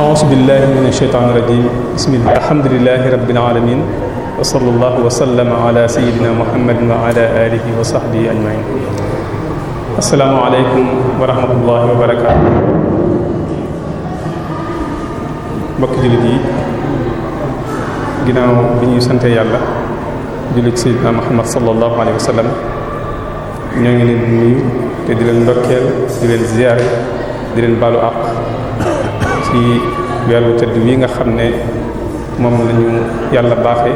aus billah min asheytaan irajim bismillah alhamdulilahi rabilalamin wa sala allahu wasallama ala seyidina muhammadin wa ala alihi wa sahbihi ajmain asalaamualeykum wa rahmatullahi wa barakatu mbokk jullit yi ginnaaw bi ñuy sante yàlla jullit sayyidina Muhammad sallallahu alayhi wa ñoo ngi leen di nuyu te di leen ndokkeel di leen ziyaare di leen baalu àq ci weeru tëdd wi nga xam ne moom la yàlla baaxe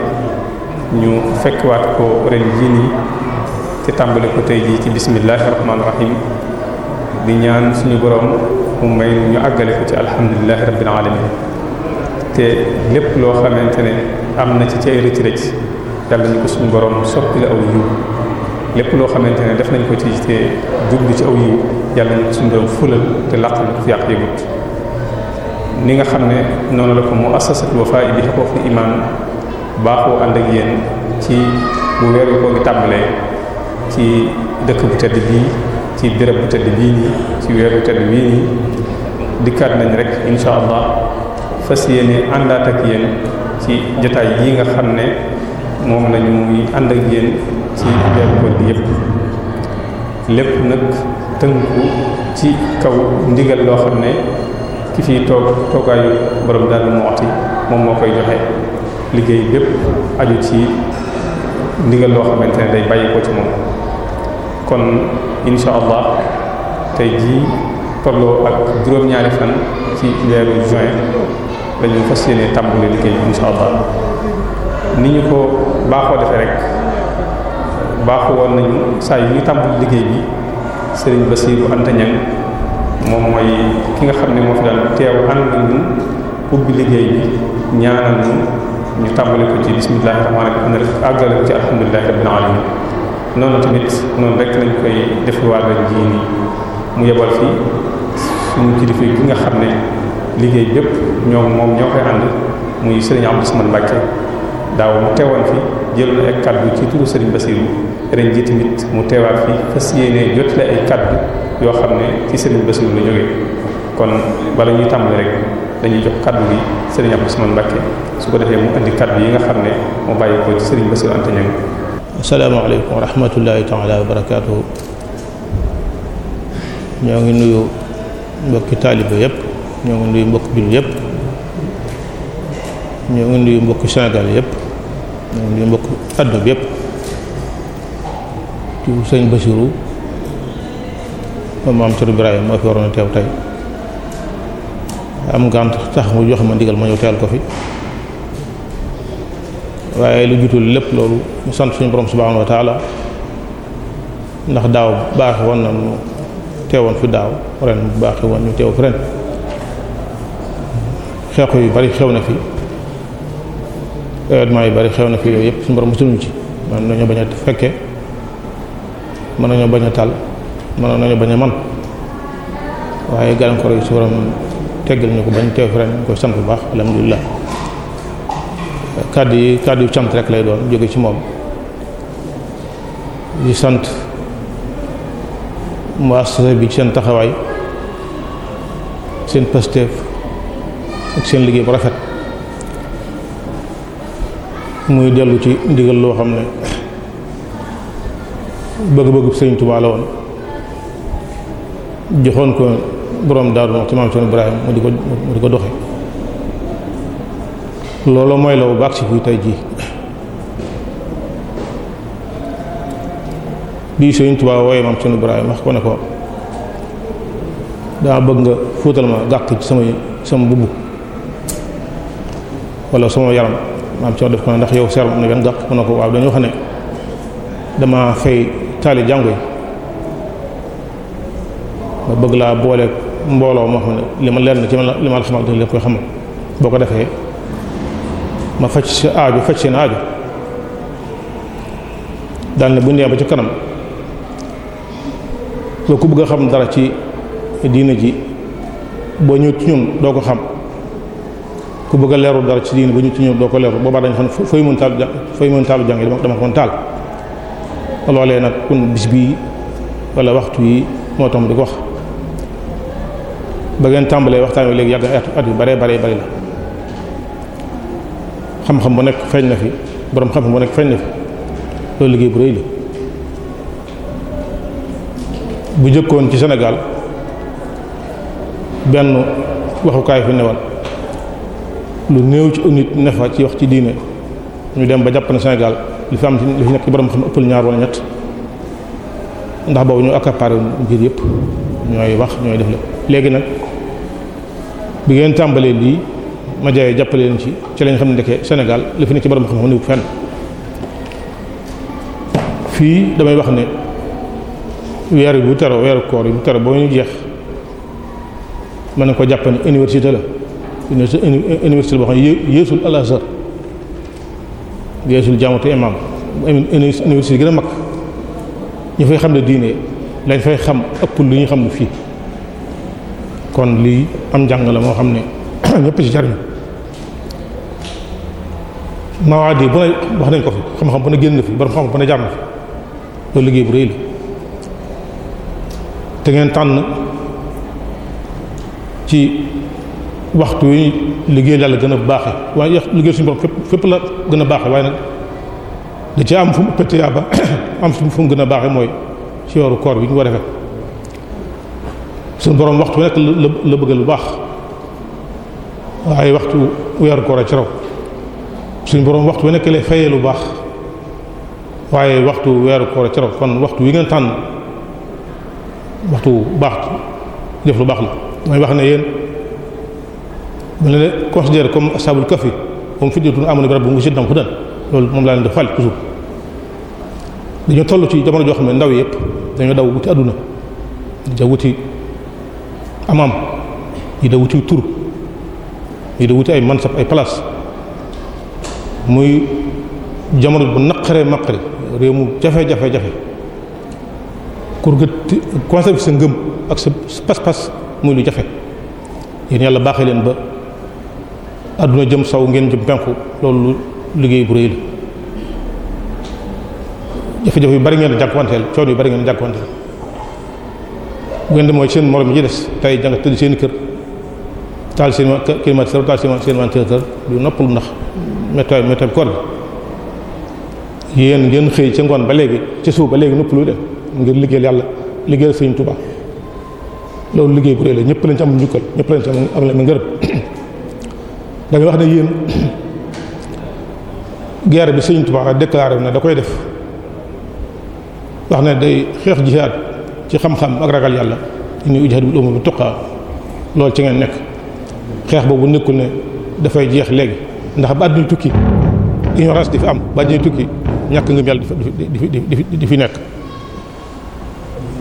ñu fekkwaat ko ren jii nii te tàmbali ko tey jii ci bismillahi rahmaani rahim di ñaan suñu boroom mu may ñu àggale ko ci alhamdulillahi rabbil alamin te lépp loo xamante ne am na ci ci ay rëcc rëcc yàlla ñu ko suñu borom soppi la aw yiw lépp loo xamante ne def nañ ko ci te jublu ci aw yiw yàlla ñu ko suñu borom fulal te làq yàq yëgut ni nga xam ne noonu la ko mu assasatul Wafa bi xaqoox li imaan baaxoo ànd ak yéen ci bu weer wi koo ngi ci dëkk bu tedd bii ci béréb bu tedd bii nii ci weer bu tedd bii nii dikkaat nañ rek incha allah fas yéene àndaat ak yéen ci jotaay yi nga xam ne moom la ñuy ànd ak yéen ci weeru koor gi yépp lépp nag tënku ci kaw ndigal loo xam ne ki fi toog toogaayu borom daal mu waxti moom moo koy joxe liggéey bépp aju ci ndigal loo xamante ne day bàyyi ko ci moom kon incha allah tey jii tolloo ak juróom-ñaari fan ci weeru juin lañu fas yéene tàmbali liggéey bi insha allah ni ñu ko baaxoo defee rek baax woon nañu saa yi ñu tàmbali liggéey bi sëriñ Basiiru Anta moom mooy ki nga xam ne moo fi daan teew ànd na ubbi liggéey bi ñaanal ñu ñu tàmbali ko ci bismillahi rahmaani ci alhamdulillahi alamin noonu tamit noonu rek lañ koy def waala jii nii mu yebal fi suñu kilifa gi nga xam ne liggéey bépp ñoom moom ñoo koy ànd muy sëriñ Abdou Samad Mbacke daaw mu teewoon fi jëloon ay kaddu ci turu sëriñ Basiru ren ji tamit mu teewaat fi fas ay kaddu yoo xam ne ci sëriñ Basiru la jógee kon bala ñuy tàmbali rek dañuy jox kaddu bi sëriñ Abdou sama Mbacke su ko defee mu indi kaddu yi nga xam ne mu bàyyi ko ci sëriñ Basiru Anta Ñang asalaamaaleykum wa rahmatullahi taala wa ñoo ngi nuyu mbokki taalibe yépp ñoo ngi nuyu mbokk jullit yëpp ñoo ngi nuyu mbokk Sénégal yépp ñoo ngi nuyu mbokk àdduna bi yëpp ci sëñ Basiru moom maam Cerno Ibrahima moo fi waroon a teew tey am ngant tax mu jox ma ndigal ma ñëw teel ko fi waaye lu jutul lépp loolu mu sant suñu borom subhanahu wa taala ndax daaw baax woon na nu teewoon fi daaw ren baaxe woon ñu teew fi ren xew-xew yu bari xew na fi événement yu bari xew na fi yooyu yëpp suñu borom mosuñu ci mën nañoo bañ a fekke mën nañoo bañ a tàll mën nañoo bañ a man waaye gàllankoor yi suñu borom teggal ñu ko bañ teew fi ren ñu koy sant bu baax alhamdulilah kàddu yi kàddu yu sant rek lay doon jóge ci moom di sant muassasa bi seen taxawaay seen pasteef ak seen liggéey bu rafet muy dellu ci ndigal loo xam ne bëgg-bëggu Sëriñ Tuubaa woon joxoon ko boroom daaru wax ci maam Sëriñ Ibrahima mu di ko mu di ko doxe loolu mooy la bu baax si fii tey jii bii Sëriñ Tuubaa wooye maam Sëriñ Ibrahima wax ko ne ko daa bëgg nga fóotal ma gàkk ci samay sama mbubb wala sama yaram maam ci wax def ko ne ndax yow seeram am na benn gàq mu ne ko waaw dañoo xam ne dama fay taali jàngu yi ma bëgg laa boole mbooloo moo xam ne li ma leer la ci li ma la xamal dañ leen koy xamal boo ko defee ma faj sa aaju faj seen aaju daal ne bu ñu ba ci kanam loo ku bëgg a xam dara ci diina ji boo ñëw ci doo ko xam ku bëgg a leerul dara ci diine bu ñu ci ñëw doo ko leerul boobaa dañu xam ne fooy mën taalu fooy mën taalu jàng dama ko mën taal loolee nag kun bis bii waxtu yi moo tax mu di ko wax ba tàmbalee waxtaan wi léegi yàgg at yu bare bare bari la xam-xam bu nekk feeñ na fi borom xam-xam bu nekk feeñ na fi loolu liggéey bu rëy la bu jëkkoon ci senegal benn waxukaay fi newoon lu néew ci nit ne fa ci wax ci diine ñu dem ba jàpp ne Sénégal li fi am ci li fi nekk borom xam ëppal ñaar wala ñett ndax boobu ñu accaparé mbir yëpp ñooy wax ñooy def lépp léegi nag bi ngeen tàmbalee lii ma jaay jàppale leen ci ci lañ xam ne ndeke Sénégal li fi nekk ci borom xam-xam néew fenn fii damay wax ne weer bu tero weeru koor yi bu tero boo ñu jeex mën ne ko jàpp ne université la. université boo xam ne yéesul al azhar yéesul jaamatu imam université gën a mag ñu fay xam ne diine lañ fay xam ëpp lu ñuy xam ne fii kon lii am njàng la moo xam ne ñëpp ci jariñ mawaad yi bu ne wax nañ ko fi xam-xam bu ne génn fi borom xam-xam bu ne jaar na fi loolu liggéey bu rëy la te ngeen tànn ci waxtu yi liggéey yàlla gën a baaxe waaye liggéey suñu borom fépp fépp la gën a baaxe waaye nag da ci am fu mu pëtte yaa ba am fu mu gën a baaxe mooy ci yoru koor bi ñu ko defee suñu borom waxtu nekk la bëgg lu baax waaye waxtu weeru koor a ci raw suñu borom waxtu nekk lay fayee lu baax waaye waxtu weeru koor a ci raw kon waxtu wi ngeen tànn waxtu baax def lu baax la mooy wax ne yéen bu ne la considère comme ashabul kahfi moom fidyatun amanu bi rabbihim wa zidnahum hudan loolu moom laa leen di toll ci jamono joo xam ne ndaw yëpp dañoo daw wuti àdduna di amam ñi wuti tur ñi da wuti ay mansab ay place muy jamono bu naqaree naqare mu jafe-jafe jafe pour nga conserver sa ngëm ak sa pas-pas muy lu jafe yéen yàlla baaxee leen ba àdduna jëm saw ngeen jëm penku loolu liggéey bu rëy la jafe-jafe yu bari ngeen jànkuwanteel coono yu bari ngeen jànkuwanteel bu ngeen di mooy seen morom yi des tey jàng tëdd seen kër taal seen climatiseur taal seen ventilateur du noppalu ndax météo météo koor bi yéen ngeen xëy ci ngoon ba léegi ca suuf ba léegi noppalu dem ngir liggéeyal yàlla liggéeyal Sëriñ Tuubaa loolu liggéey bu rëy la ñëpp lañ ci am njukkal ñëpp lañ am am la da ngay wax ne yéen guerre bi Sëriñ Tuubaa déclaré na da koy def wax ne day xeex jihaad ci xam-xam ak ragal yàlla inni ujhaadu bil ummi tuqaa loolu ci ngeen nekk xeex boobu nekkul ne dafay jeex léegi ndax ba àdduna tukki ignorance di fi am ba àdduna tukki ñàkk ngëm yàlla di di di fi nekk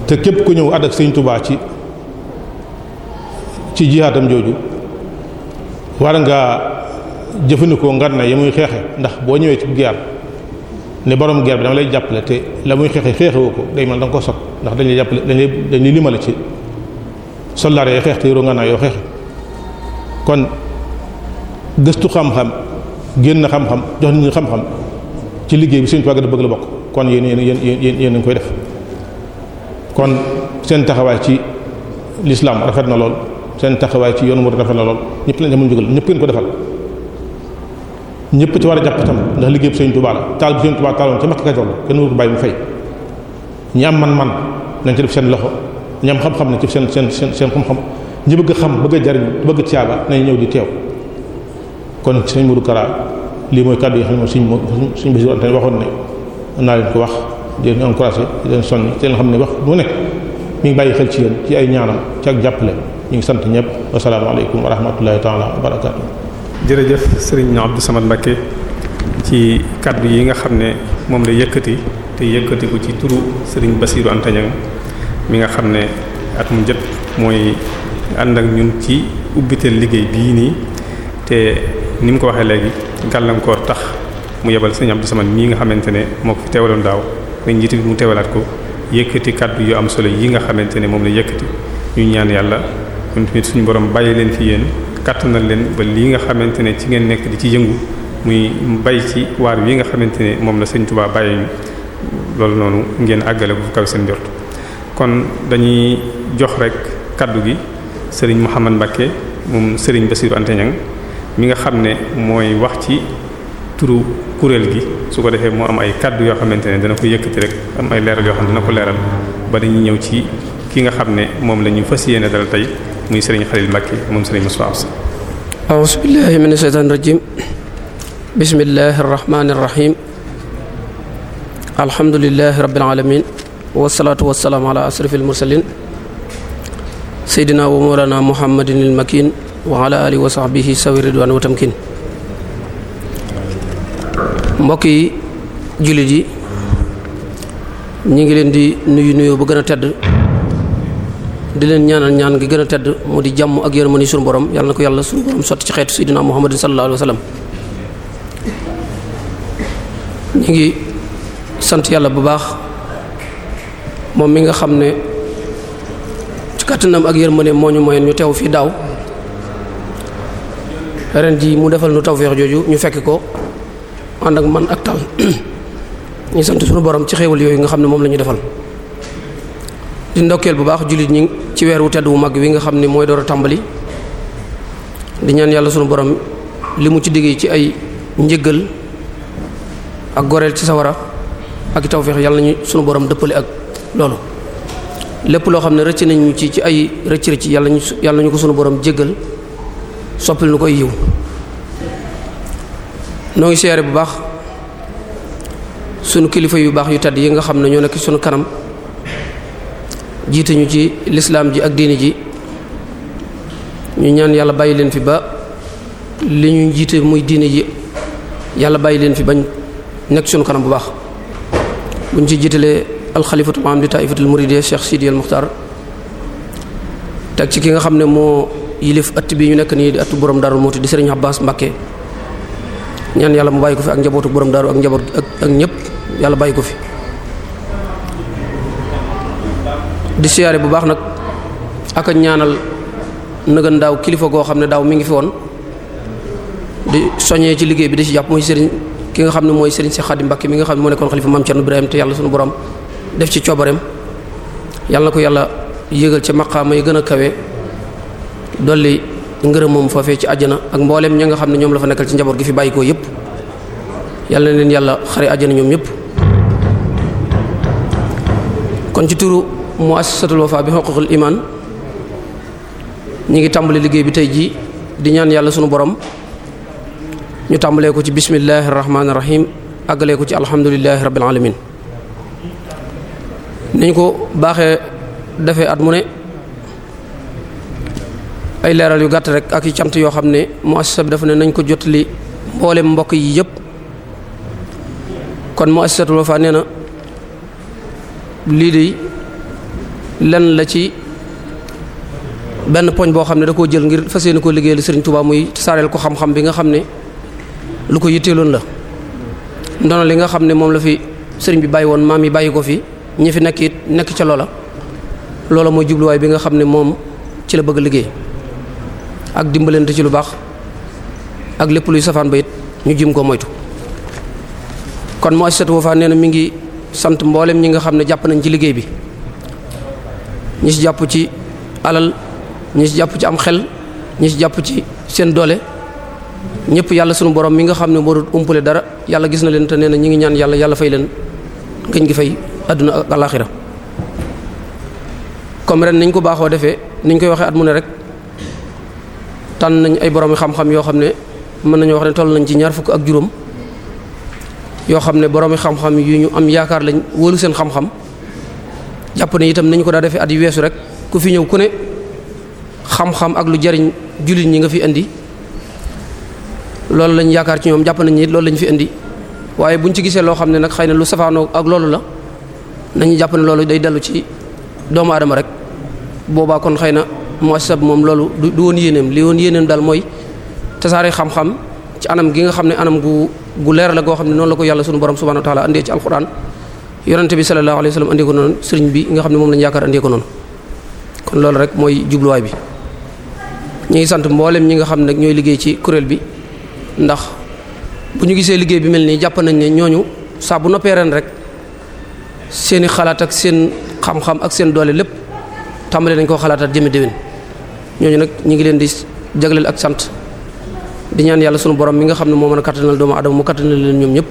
te képp ku ñëw àdd ak Sëriñ Tuubaa ci ci jihaadam jooju war ngaa jëfandikoo ngan na ya muy xeexe ndax boo ñëwee ci guerre ne borom guerre bi dama lay jàppale te la muy xeexe xeexewoo ko day ma da nga ko sot ndax dañuy lay jàppale dañuy lay dañ lay limale ci soldaar yi xeex te yoo xeexe kon gëstu xam-xam génn xam-xam jox nit ñi xam-xam ci liggéey bi suñ ko bëgg la bokk kon yéen yéen yéen yéen yéen koy def kon seen taxawaay ci l'islam rafet na lool. seen taxawaay ci yoonu mu rafet la lool ñëpp lañ amul njugal ñëpp ngeen ko defal ñëpp ci war a jàpp tam ndax liggéey bu sëñ Tuubaa la taal bu sëñ Tuubaa taaloon ca Makka Kajoor la kenn waru bàyyi mu fay ñi am man-man nañ ci def seen loxo ñi am xam-xam ne ci seen seen seen seen xam-xam ñi xam bëgg a jariñ bëgg caaba nañ ñëw di teew kon sëñ Modou Kara lii mooy kàddu yi xam ne moom suñ suñ bés ante waxoon ne naa leen ko wax di leen encouragé di leen soññ te xam ne wax mu nekk mu ngi bàyyi xel ci yéen ci ay ñaanam ci ak jàppale ñu ngi sant ñëpp asalaamaaleykum wa rahmatullahi taala wa barakaatu. jërëjëf sëriñ Abdou Samad Mbacké ci kaddu yi nga xam ne moom la yëkkati te yëkkati ko ci turu sëriñ Bassirou Anta mi nga xam ne at mu jot mooy ànd ak ñun ci ubbiteel liggéey bii nii te ni mu ko waxee léegi gàllankoor tax mu yebal sëriñ Abdou Samad mii nga xamante ne moo ko fi teewaloon daaw nañ njiit bi mu teewalaat ko yëkkati kaddu yu am solo yi nga xamante ne moom la yëkkati ñu ñaan yàlla. kon tamit suñu borom bàyyi leen fi yéen kattanal leen ba lii nga xamante ne ci ngeen nekk di ci yëngu muy bay ci waar wi nga xamante ne moom la Sëriñ Tuubaa bàyyi loolu noonu ngeen àggale ko fu kaw seen jot kon dañuy jox rek kàddu gi Sëriñ Mouhamad Mbacke moom Sëriñ Bassirou Anta mi nga xam ne mooy wax ci turu kuréel gi su ko defee moo am ay kàddu yoo xamante ne dana ko yëkkati rek am ay leeral yoo xam ne dana ko leeral ba dañuy ñëw ci ki nga xam ne moom la ñu fas yéene dal tey muy sëriñ Xalil Mbàkke moom sëriñ Moussa Absa. a'uuzu billaahi mina rajiim bismillaahi rahmaani rahiim alhamdulillaahi rabbil aalamiin wassalaatu wassalaamu alaa ashrafil mursaliin seydinaa wa mawlaanaa muhammadinil makiin wa alaa aalihi wa sawi ridwaan wa tamkiin jullit yi ñu ngi leen di nuyu nuyoo bu gën a tedd di leen ñaanal ñaan gi gën a tedd mu di jàmm ak yërmande ni suñu borom yàlla na ko yàlla suñu borom sotti ci xeetu sayyidina Muhammadin sallallahu alayhi wa ngi sant yàlla bu baax moom mi nga xam ne ci kàttanam ak yërmande moo ñu moyen ñu teew fii daaw ren ji mu defal nu tawféex jooju ñu fekk ko ànd ak man ak tal ñu sant sunu borom ci xéewal yooyu nga xam ne moom la defal di ndokkeel bu baax jullit ñi ci weer wu tedd wu mag wi nga xam ni mooy door a tàmbali di ñaan yàlla sunu borom li mu ci diggee ci ay njëggal ak goreel ci sa wara ak i tawféex yàlla nañu sunu borom dëppale ak loolu lépp loo xam ne rëcc nañu ci ci ay rëcc rëcc yàlla ñu yàlla ñu ko sunu boroom jéggal soppil nu koy yiw noo ngi seere bu baax sunu kilifa yu baax yu tedd yi nga xam ne ñoo nekk sunu kanam jiite ñu ci lislaam ji ak diini ji ñu ñaan yàlla bàyyi leen fi ba li ñuy jiite muy diine ji yàlla bàyyi leen fi bañ nekk suñu kanam bu baax buñ ci jiitalee alxalifatu maam di taifatul muride Cheikh Sidi al Muxtaar teg ci ki nga xam ne moo yilif ëtt bi ñu nekk nii di ëtt borom daaru muuti di Serigne Abbas Mbakke ñaan yàlla mu bàyyi ko fi ak njabootu borom daaru ak njaboot ak ñëpp yàlla bàyyi ko fi di siyaare bu baax nag ak a ñaanal nëgën daaw kilifa goo xam ne daaw mi ngi fi woon di soññee ci liggéey bi di ci jàpp mooy sëriñ ki nga xam ne mooy sëriñ si Xaadim Mbàkke mi nga xam ne moo nekkoon xalifa Maam Cerno Ibrahima te yàlla sunu borom def ci coobareem ko yàlla yëgal ci maqaama yi gën a kawe dolli moom foofee ci àjjana ak mbooleem ña nga xam ne la fa nekkal ci njaboot gi fi bàyyi ko yëpp yàlla na leen yàlla xare àjjana ñoom ñëpp kon ci turu muassasatul wafa bi xuququl iman ñi ngi tàmbali liggéey bi tey jii di ñaan yàlla sunu borom ñu tàmbalee ko ci bismillahi rahmaani rahim àggalee ko ci alhamdulillahi rabbil alamin niñ ko baaxee defee at mu ne ay leeral yu gàtt rek ak i cant yoo xam ne muassasa bi dafa nañ ko jotali mboolem mbokk yi yëpp nee na lii de lenn la ci benn poñ boo xam ne da koo jël ngir fas yéene ko liggéeyal Sëriñ Tuubaa muy saareel ko xam-xam bi nga xam ne lu ko yitteeloon la ndono li nga xam ne moom la fi sëriñ bi bàyyi woon maam yi bàyyi ko fi ñi fi nekk it nekk ca loola loola mooy jubluwaay bi nga xam ne moom ci la bëgg liggéey ak dimbaleent ci lu baax ak lépp luy safaan ba it ñu jim ko moytu kon moo assatu fa nee na mi ngi sant mboolem ñi nga xam ne jàpp nañ ci liggéey bi ñi si jàpp ci alal ñi ci jàpp ci am xel ñi si jàpp ci seen doole ñëpp yàlla sunu borom mi nga xam ne moo doon dara yàlla gis na leen te nee na ngi ñaan yàlla yàlla fay leen ngëñ gi fay àdduna ak comme ren niñ ko baaxoo defee niñ koy waxee at mu ne rek tànn nañ ay borom xam-xam yoo xam ne mën nañoo wax ne toll nañ ci ñaar fukk ak juróom yoo xam ne borom xam-xam yu ñu am yaakaar lañ wóolu seen xam-xam. jàpp nañ itam nañu ko daa defee at yu weesu rek ku fi ñëw ku ne xam-xam ak lu jariñ jullit ñi nga fi indi loolu lañ yaakaar ci ñoom jàpp nañ ni loolu lañ fi indi waaye buñ ci gisee loo xam ne nag xay na lu safaanoo ak loolu la nañu jàpp ne loolu day dellu ci doomu aadama rek boobaa kon xay na mu sab moom loolu du du woon yéeneem li woon yéeneem dal mooy tasaare xam-xam ci anam gi nga xam ne anam gu gu leer la goo xam ne noonu la ko yàlla sunu borom subhanahu wa ta'ala andee ci alquran yonente bi sallallahu alayhi wasallam andee ko noonu sëriñ bi nga xam ne moom lañu yaakaar andee ko noonu kon loolu rek mooy jubluwaay bi ñu ngi sant mbooleem ñi nga xam ne nag ñooy liggéey ci kuréel bi ndax bu ñu gisee liggéey bi mel nii jàpp nañ ne ñooñu saa bu noppee ren rek seeni xalaat ak seen xam-xam ak seen doole lépp tàmbali nañ koo xalaataat jëme déwén ñooñu nag ñu ngi leen di jagleel ak sant di ñaan yàlla sunu borom mi nga xam ne moom mën a kattanal doomu adama mu kattanal leen ñoom ñëpp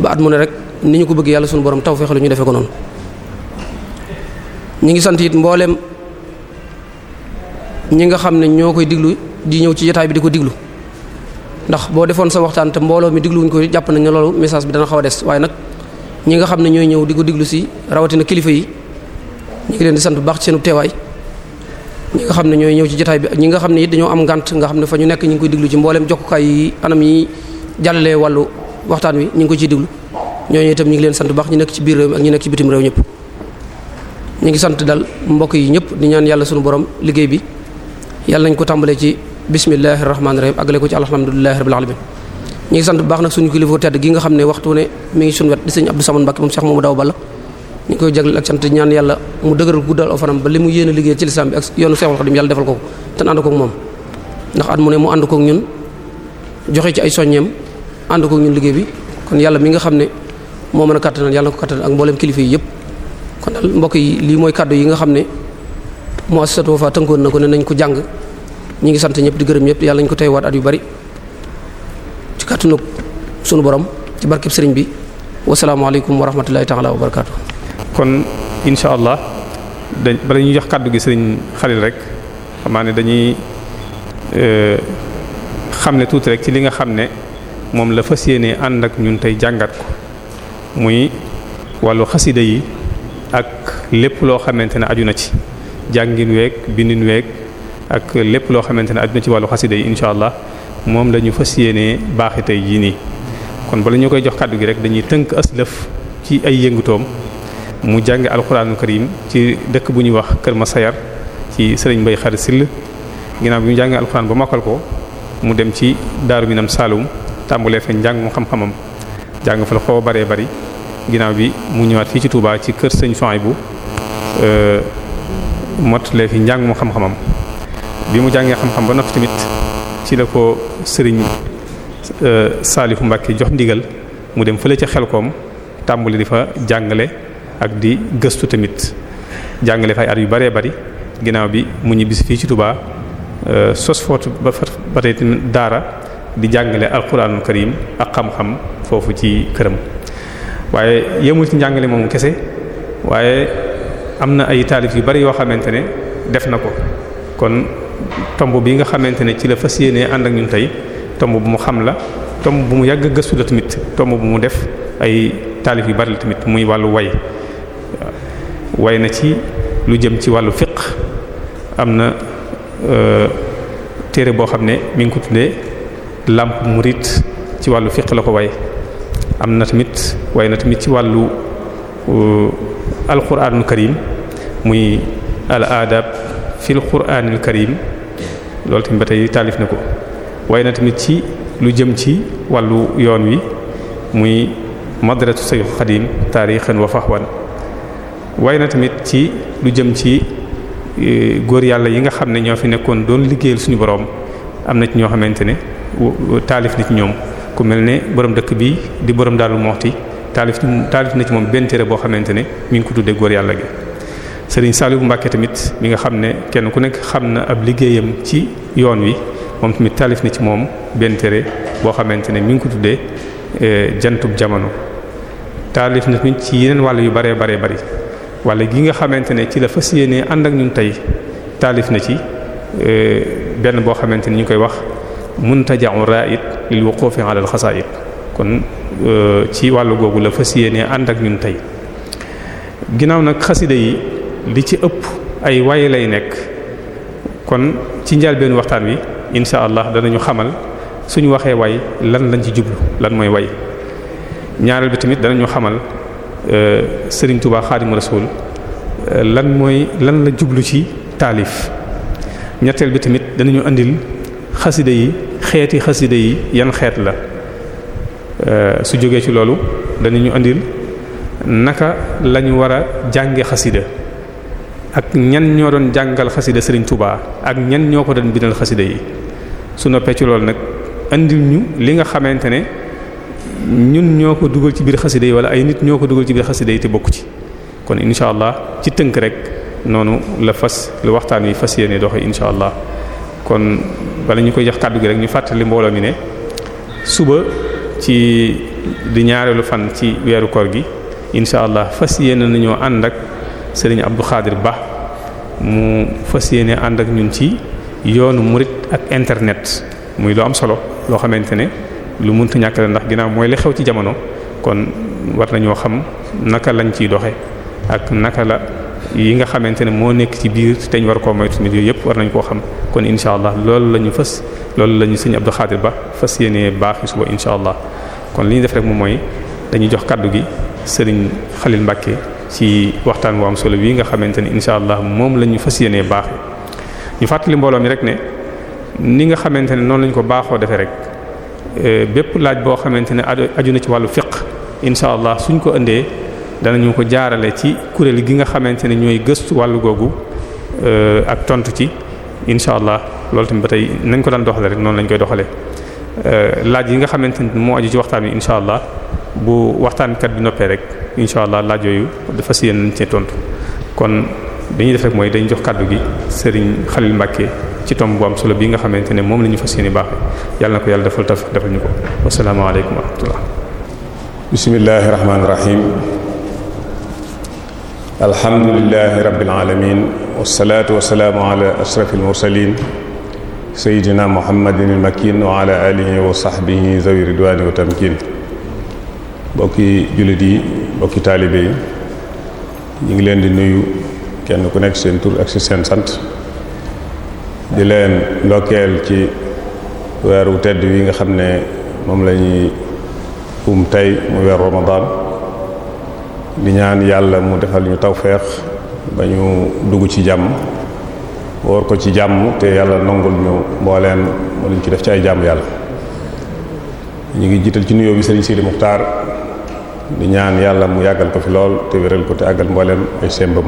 ba at mu ne rek ni ñu ko bëgg yàlla sunu borom taw fexe lu ñu defee ko noonu ñu ngi sant yit mbooleem ñi nga xam ne ñoo koy diglu di ñëw ci jotaay bi di ko diglu ndax boo defoon sa waxtaan te mbooloo mi digluwuñ ko jàpp nañ ne loolu message bi dana xaw a des waaye nag ñi nga xam ne ñooy ñëw di ko diglu si rawatina kilifa yi ñu ngi leen di sant bu baax ci seenu teewaay ñi nga xam ne ñooy ñëw ci jataay bi ak ñi nga xam ne it dañoo am ngànt nga xam ne fa ñu nekk ñu ngi koy diglu ci mboolem jokkukaay yi anam yi jàllalee wàllu waxtaan wi ñu ngi ko ciy diglu ñooñu itam ñu ngi leen sant bu baax ñu nekk ci biir réew mi ak ñu nekk ci bitim réew ñëpp ñu ngi sant dal mbokk yi ñëpp di ñaan yàlla sunu borom liggéey bi yàlla nañ ko tàmbalee ci bismillahi rahmaani rahim àggale ko ci alhamdulillahi la alamin ñu ngi sant bu baax nag suñu kilifa tedd gi nga xam ne waxtu ne mi ngi suñ wet di sëñ Abdou Samane Mbacke moom Cheikh Mamadou Awa Balla ñu ngi koy jagleel ak sant ñaan yàlla mu dëgëral guddal o fanam ba li mu yéen liggéey ci lislaam bi ak yoonu Seexul Xadim yàlla defal ko te mu ne mu ànd koog ñun joxe ci ay soññeem ànd koog ñun bi moo mën a kattanal yàlla na ko kattanal ak mboolem kilifa yi yëpp kon daal mbokk yi lii mooy kàddu yi nga xam ne moo assatu Wafa tënkoon na ko ne nañ ko jàng ñi ngi sant ñëpp di gërëm ñëpp yàlla nañ ko tey waat at yu bari ci kàttanug sunu borom ci barkeb sëriñ bi wasalaamaaleykum wa rahmatullahi taala wa barakaatu. kon incha allah dañ bala ñuy jox kàddu gi sëriñ Xalil rek xamaa ne dañuy euh, xam ne tuuti rek ci li nga xam ne moom la fas yéenee ànd ak ñun tey jàngat muy wàllu xasida yi ak lépp loo xamante ne aju na ci jàngin week bindin week ak lépp loo xamante ne aju na ci wàllu xasida yi incha allah moom lañu ñu fas yéenee baaxi tey jii nii. kon bala ñu koy jox kàddu gi rek dañuy tënk aslëf ci ay yëngutoom mu jàng alxuraanu karim ci dëkk bu ñuy wax Kër Masayar ci sëriñ Mbay Xarit Sill ginnaaw bi mu jàngee alxuraan ba mokkal ko mu dem ci daaru minam Saloum tàmbulee fa njàng mu xam-xamam jàng fa la xoo baree bari ginnaaw bi mu ñëwaat fii ci Touba ci kër sëñ Fahibou euh, mottalee fi njàng mu xam-xamam bi mu jàngee xam-xam ba noppi tamit ci la ko sëriñ euh, Saalifu Mbàkke jox ndigal mu dem fële ca Xelkom tàmbali di fa jàngale ak di gëstu tamit jàngale fay at yu bëree bari ginnaaw bi mu ñibbisi fii ci Touba euh, sos footu ba ba tey daara di jàngale alxuraanul karim ak xam-xam foofu ci këram. waaye yemul ci njàngale moom kese waaye am na ay taalif yu bari yoo xamante ne def na ko kon tomb bi nga xamante ne ci la fas yéenee ànd ak ñun tey tomb bu mu xam la tomb bu mu yàgg gëstu la tamit tomb bu mu def ay taalif yu bari la tamit muy wàllu way way na ci lu jëm ci wàllu fiq am na euh, téere boo xam ne mi ngi ko tuddee làmp murit ci wàllu fiq la ko way am na tamit waaye na tamit ci wàllu uh, alquranul karim muy al adab fil quranil karim loolu tamit ba tey taalif na ko waaye na tamit ci lu jëm ci wàllu yoon wi muy madratu sayxu xadim taarixan wa fahwan waaye na tamit ci lu jëm ci uh, góor yàlla yi nga xam ne ñoo fi nekkoon doon liggéeyal suñu boroom am na ci ñoo xamante ne taalif na ci ñoom ku mel ne borom dëkk bi di borom Darou Moukhty taalif taalif na ci moom benn téere boo xamante ne mi ngi ko tuddee góor yàlla gi. Serigne Saliou Mbacké tamit mi nga xam ne kenn ku nekk xam na ab liggéeyam ci yoon wi moom tamit taalif na ci moom benn téere boo xamante ne mi ngi ko tuddee eh, jantub jamono taalif na tamit ci yeneen wàll yu baree baree bari wala gi nga xamante ne ci la fas yéenee ànd ak ñun tey taalif na ci eh, benn boo xamante ne ñu koy wax muntaja'u ra'id lil wuqufi ala al xasaid kon euh, ci wàllu googu la fas yéenee ànd ak ñun tey ginnaaw nag xasida yi li ci ëpp ay waye lay nekk kon ci njëlbéenu waxtaan wi insha allah danañu xamal suñu waxee way lan lañ ci jublu lan mooy way ñaareel bi tamit danañu xamal euh, Serigne Touba Xaadimu Rasuul euh, lan mooy lan la jublu ci taalif ñetteel bi tamit danañu andil xasida yi xeeti xasida yi yan xeet la euh, su jógee ci loolu ñu andil naka lañu war a jànge xasida ak ñan ñoo doon jàngal xasida Serigne tubaa ak ñan ñoo ko doon bindal xasida yi su noppee ci loolu nag andil ñu li nga xamante ne ñun ñoo ko dugal ci biir xasida yi wala ay nit ñoo ko dugal ci biir xasida yi te bokku ci kon incha allah ci tënk rek noonu la fas lu waxtaan wi fas yéene doxe incha allah kon bala ñu koy jox kàddu gi rek ñu fàttali mbooloo mi ne suba ci di ñaareelu fan ci weeru kor gi incha allah fas yéene nañoo ànd ak sëriñ Abdou Khadir Ba mu fas yéene ànd ak ñun ci yoonu murit ak internet muy lu am solo loo xamante ne lu muntu ñàkk la ndax ginnaaw mooy li xew ci jamono kon war nañoo xam naka lañ ciy doxe ak naka la. yi nga xamante ne moo nekk ci biir te ñu war koo moytu tamit yooyu yëpp war nañ koo xam kon incha allah loolu la ñu fës loolu la ñu sëñ Abdou Khadir Ba fës yéenee baax yi suba incha allah kon li ñu def rek moom mooy dañuy jox kaddu gi sëriñ Xalil Mbàkke ci waxtaan wu am solo bii nga xamante ne incha allah moom lañu ñu fës yéenee baax ñu fàttali mbooloo mi rek ne ni nga xamante ne noonu lañ ko baaxoo defee rek eh, bépp laaj boo xamante ne aju na ci wàllu fiqh incha allah danañu ko jaarale ci kuréel gi nga xamante ne ñooy gëstu wàllu googu euh, ak tontu ci incha allah loolu tamit ba tey nañ ko daan doxale rek noonu lañu koy doxalee. Euh, laaj yi nga xamante ni moo aju ci waxtaan wi incha allah bu waxtaankat bi noppee rek incha allah laaj yooyu dafa si cee tontu kon dañuy def rek mooy dañ jox kàddu gi Serigne Khalil Mbacké ci tomb bu solo bii nga xamante ne moom la ñu fas yéene baax yàlla na ko yàlla defal taf defal ñu ko wasalaamaaleykum wa rahmatullah bismillahir rahmanir rahim alhamdulilahi rabbil alamin wasalaatu wasalaamu ala ashrafil mursalin sayidina muhammadin il makin wa ala alihi wa sahbihi zawi ridwani wa tamkin bokki jullit yi bokki taalibe yi ñu ngi leen di nuyu kenn ku nekk seen tur ak si seen sant di leen ndokkeel ci weeru tedd wi nga xam ne moom la ñuy um tey mu weer ramadan di ñaan yàlla mu defal ñu tawfeex ba ñu dugg ci jàmm wóor ko ci jàmm te yàlla nangul ñu mbooleen mu luñ ci def ci ay jàmm yàlla ñu ngi jiital ci nuyoo bi sëriñ Sidi Muxtaar di ñaan yàlla mu yàggal ko fi lool te wéral ko te àggal mbooleem ay sembam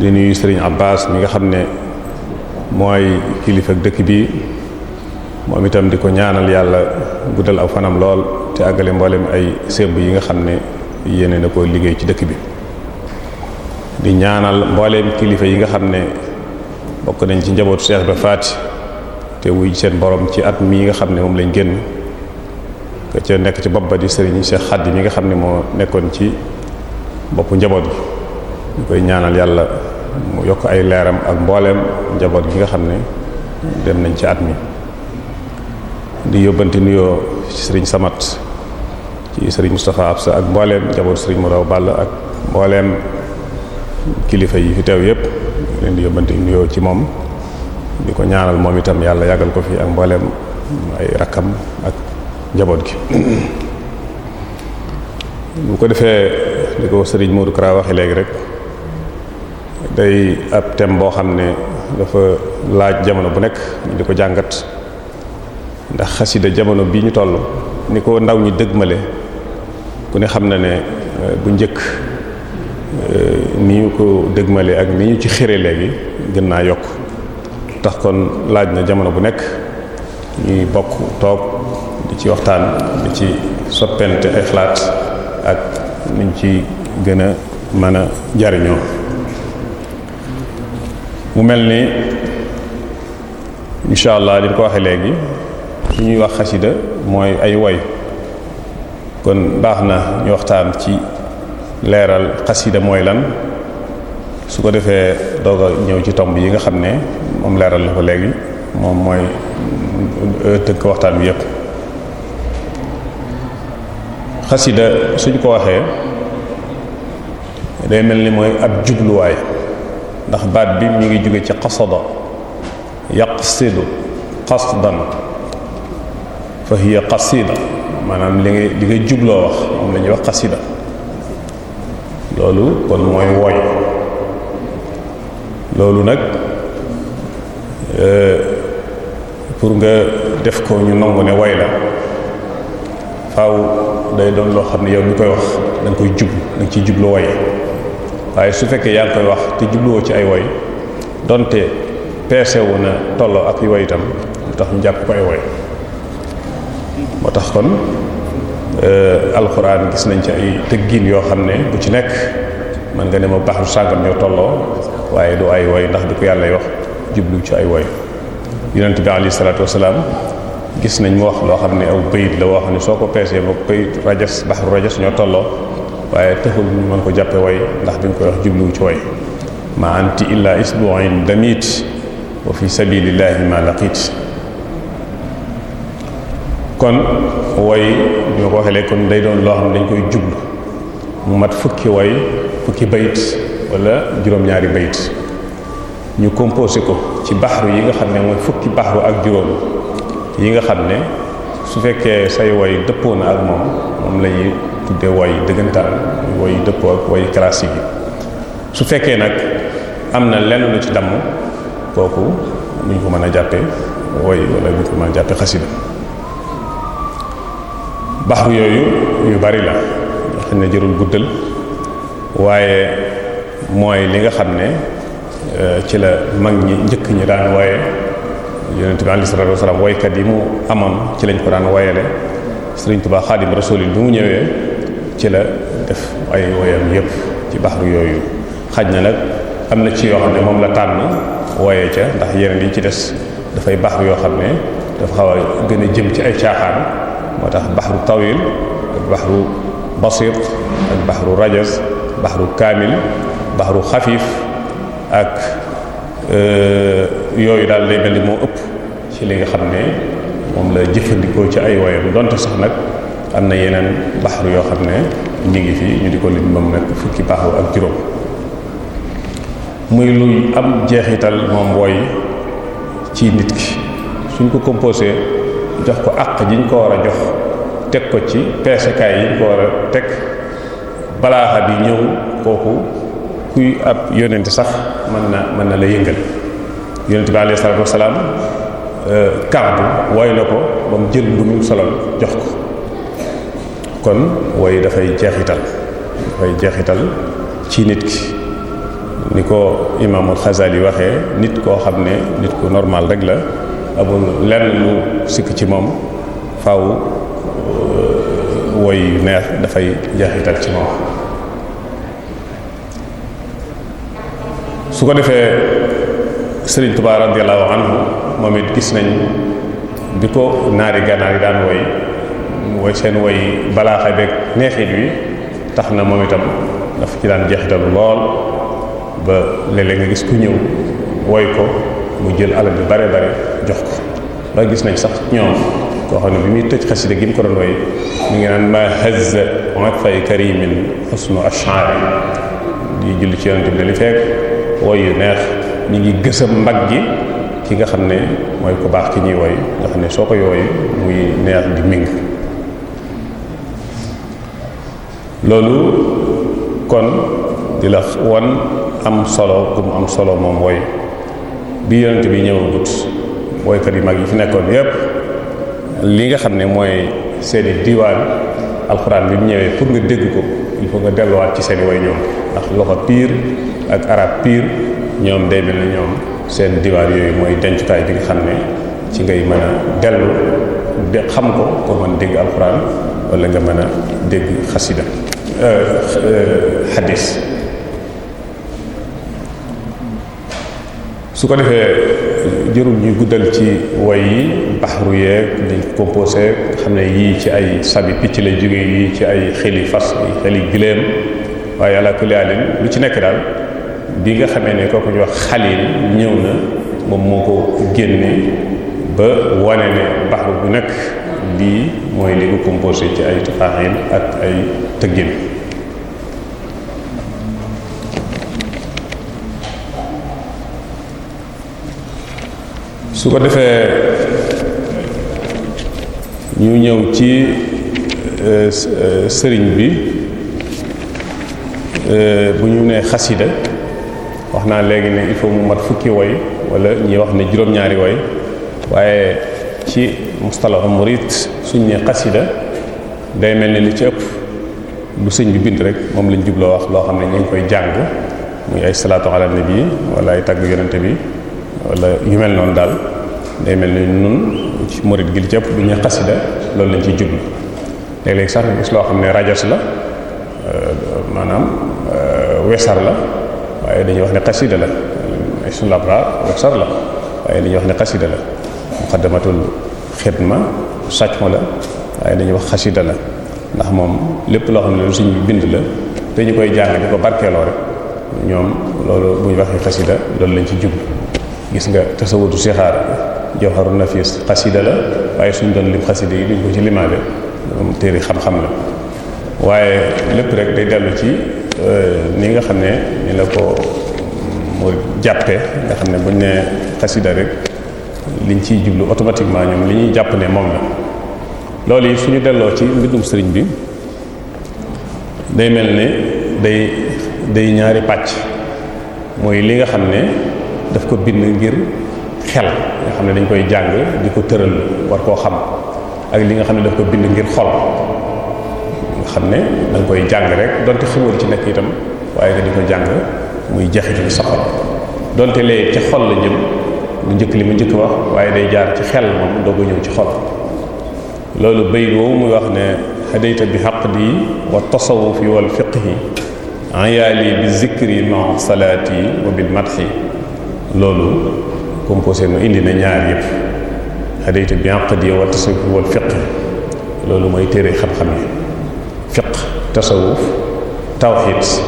di nuyu sëriñ Abbas mi nga xam ne mooy kilifa dëkk bi moom itam di ko ñaanal yàlla guddal aw lool te àggale mbooleem ay semb yi nga xam ne yéene na koo liggéey ci dëkk bi di ñaanal mbooleem kilifa yi nga xam ne bokk nañ ci njabootu Cheikh Ibra Faty te wuy seen boroom ci at mii nga xam ne moom lañ génn ka nekk ci bopp ba di sëriñ Cheikh Khady mi nga xam ne moo nekkoon ci boppu njaboot bi ñu koy ñaanal yàlla mu yokk ay leeram ak mbooleem njaboot gi nga xam ne dem nañ ci at mi di yóbbante nuyoo sëriñ Samat ci sëriñ Moustapha Absa ak mbooleem njaboot sëriñ Modaw Ball ak mbooleem kilifa yi fi teew yépp leen di yóbbante nuyoo ci moom di ko ñaanal moom itam yàlla yàggal ko fii ak mbooleem ay rakkam ak njaboot gi bu ko defee di ko sëriñ Modou Kara waxe léegi rek day ab tem boo xam ne dafa laaj jamono bu nekk ñu di ko jàngat ndax xasida jamono bii ñu toll ni ko ndaw ñi dëgmale ku ne xam na ne euh, bu njëkk euh, ni ñu ko dëgmale ak ni ñu ci xëre léegi gën naa yokk tax kon laaj na jamono bu nekk ñuy bokk toog di ci waxtaan di ci soppente ay xalaat ak nuñ ci gën a mën a jariñoo mu mel ni incha allah li ko waxee léegi li ñuy wax xasida mooy ay woy kon baax na ñu waxtaan ci leeral xasida mooy lan su ko defee doog ñëw ci tomb yi nga xam ne moom leeral la ko léegi moom mooy euh, tënk waxtaan bi yépp xasida suñ ko waxee day mel ni mooy ab jubluwaay ndax baat bi mi ngi jóge ci xasada yaqsidu qasdan fa hiya qasida maanaam li ngay li ngay jubloo wax moom la ñuy wax qasida loolu kon mooy woy loolu nag euh, pour nga def ko ñu nangu ne woy la faaw day doon loo xam ne yow mi koy wax da koy jublu da nga ciy jublu woy waaye su fekkee yaa ngi koy wax te jubluwoo ci ay woy donte peese wu na tolloo ak woy itam lu tax ñu ko ay woy moo tax kon euh, alxuraan gis nañ ci ay tëggiin yoo xam ne bu ci nekk man nga ne ma baaxul sàngam ñoo tolloo waaye du ay woy ndax du ko yàlla wax jublu ci ay woy yonent bi alayhi salaatu wasalaam gis nañ mu loo xam ne aw bayit la woo xam ne soo ko peesee ma koy rajas baxru rajas ñoo tolloo waaye taxul ñu mën ko jàppe woy ndax bi nga koy wax jubluwu ci woy ma anti illa isbu'in damit wa fi sabilillahi ma laqit kon woy ñu ko waxee kon day doon loo xam ne dañ koy jublu mu mat fukki woy fukki bayit wala juróom-ñaari bayit ñu composé ko ci baxaru yi nga xam ne mooy fukki baxaru ak juróom yi nga xam ne su fekkee say woy dëppoo na ak moom lañuy la ñuy tuddee woy dëggantaan woy dëppoo ak woy classique yi su fekkee nag am na lenn lu ci damm kooku duñ ko mën a jàppe woy wala duñ ko mën a jàppe xasida baxru yooyu yu bari la xam ne jërul guddal waaye mooy li nga xam ne euh, ci la mag ñi njëkk ñi daan wooye yonent bi alayhi salaatu wasalaam woykat yi mu amoon ci lañ ko daan woyale Sëriñ Tuubaa Xaadim Rasuul bi mu ñëwee ci la def ay woyam yépp ci baxru yooyu xaj na nag am na ci yoo xam ne moom la tànn wooyee ca ndax yeneen yi ci des dafay baxru yoo xam ne dafa xaw a gën a jëm ci ay caaxaan moo tax baxru tawil ak baxru basit ak baxru rajas baxru kaamil baxru xafiif ak e, yooyu daal lay mel ni moo ëpp ci li nga xam ne moom la jëfandikoo ci ay woyam donte sax nag am na yeneen baxru yoo xam ne ñu ngi fi ñu di ko lim ba mu fukki baxru ak juróom muy luy am jeexital moom woy ci nit ki suñ ko composé jox ko àq jiñ ko war a jox teg ko ci peesekaay yiñ ko war a teg balaaxa bi ñëw kooku kuy ab yonent sax mën na mën na la yëngal yonent bi alayhi salaatu wasalaam euh, kàmbu woy la ko ba mu jël lu mu solal jox ko kon woy dafay jeexital dafay jeexital ci nit ki ni ko imaamul Xasali waxee nit koo xam ne nit ku normal rek la amul ah lenn lu sikk ci moom faw euh, woy yu neex dafay jaxital ci moom su ko defee Sëriñ Tuubaa radiyallahu anhu moom it gis nañ bi ko naari gànnaar yi daan woy woy seen woy balaaxa neexit wi tax na moom itam daf ci daan jeexital lool ba léeg-léeg nga gis ku ñëw woy ko mu jël alal bi bare bare jox ko ba gis nañ sax ñoom koo xam ne bi muy tëj xasida gi mu ko doon way mu ngi naan ma haz matfay karimin xusnu ashari di julli ci yonent bi li fekk woyu yu neex ñu ngi gësam mbag gi ki nga xam ne mooy ku baax ki ñuy woy nga xam ne soo ko yooyu muy neex di ming loolu kon di la wan am solo ku mu am solo moom woy bi yonent bi ñëwagut woykat yi mag yi fi nekkoon yépp li nga xam ne mooy seeni diwaan alxuraan bi mu ñëwee pour nga dégg ko il faut nga delluwaat ci seeni way ñoom ndax loxo piir ak arab piir ñoom day mel ne ñoom seen diwaan yooyu mooy dencukaay bi nga xam ne ci ngay mën a dellu de xam ko pour mën dégg alxuraan wala nga mën a dégg xasida euh, xadis su ko defee jërul ñuy guddal ci way yi baxaru yeeg liñ composé nga xam ne yii ci ay sabi picc lay jógee yii ci ay xeli fas xeli gileem waaye yàlla kulli alin lu ci nekk daal bi nga xamee ne kooku ñu wax xalil ñëw na moom moo ko génne ba wane ne baxaru bu nekk lii mooy li ko ci ay tafaaxil ak ay tëggin su ko defee ñu ñëw ci euh, euh, sëriñ bi euh, bu ñu nee xasida wax naa léegi ne il faut mu mat fukki woy wala ñi wax ne juróom-ñaari woy waaye ci mustalahu murid suñ ne xasida day mel ne li ci ëpp lu sëñ bi bind rek moom lañ jubloo wax loo xam ne ñu ngi koy jàng muy ay salaatu ala nabi wala ay tagg yonente bi wala yu mel noonu daal day mel ni nun ci murit gi li bu ñu xasida loolu lañ ciy jublu léeg-léeg sax nga gis loo xam ne rajas la euh, maanaam euh, wesar la waaye dañuy wax ne xasida la ay suñu labra wesar la wax ne xasida la muqaddamatul xidma sàcmo la waaye dañuy wax xasida la ndax moom lépp loo xam ne lu suñ bind la te ñu koy jàng di ko barkeeloo rek ñoom loolu bu ñu waxee xasida loolu lañ ci jublu gis nga tasawudu sixaar jawharu nafis xasida la waaye suñ doon lim xasida yi duñ ko ci limaale moom téere xam-xam la waaye lépp rek day dellu ci euh, ni nga xam ne ni la ko mu jàppe nga xam ne buñ ne xasida rek liñ ciy jublu automatiquement ñoom li ñuy jàpp ne moom la loolu yi suñu delloo ci mbindum sëriñ bi day mel ne day day ñaari pàcc mooy li nga xam ne daf ko bind ngir xel nga xam ne dañ koy jàng di ko tëral war koo xam ak li nga xam ne daf ko bind ngir xol nga xam ne da koy jàng rek donte xéwal ci nekk itam waaye nga di ko jàng muy jaxitul sa xol donte lee ci xol la jëm lu njëkk li mu njëkk wax waaye day jaar ci xel moom doo ko ñëw ci xol loolu bay boobu muy wax ne xadayta bi xaq di wa tasawuf yi wal fiqhi ayaali bi zikri non salaati wa bil madhi loolu composé nu indi na ñaar yëpp xadaytu bi aqdi wa tasawuf wal fiq loolu mooy téere xam-xam yi fiq tasawuf tawxid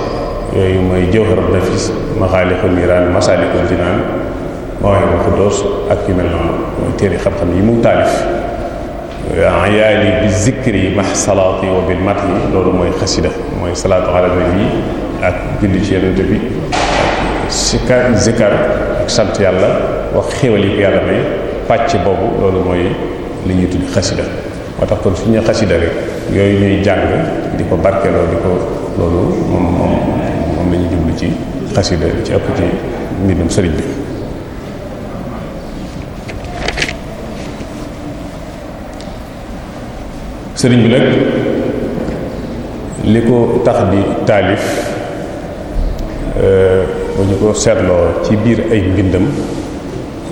yooyu mooy jawharat nafis maxaalixul miraan masaalikul jinaan mawaahibul xuddoos ak mel noonu mooy téere xam-xam yi mu taalif yaali bi zikri max salaati wa bil mat yi loolu mooy xasida mooy salaatu ala nabi ak julli ci yonent bi ak sikar zikar sant yàlla wax xéewal yi ko yàlla may pàcc boobu loolu mooy li ñuy tudd xasida moo tax kon suñu xasida rek yooyu ñuy jàng di ko barkeloo di ko loolu moom moom moom la ñu ci xasida ci ëpp ci mbindum sëriñ bi nag li ko tax di taalif euh, bu ñu ko seetloo ci biir ay mbindam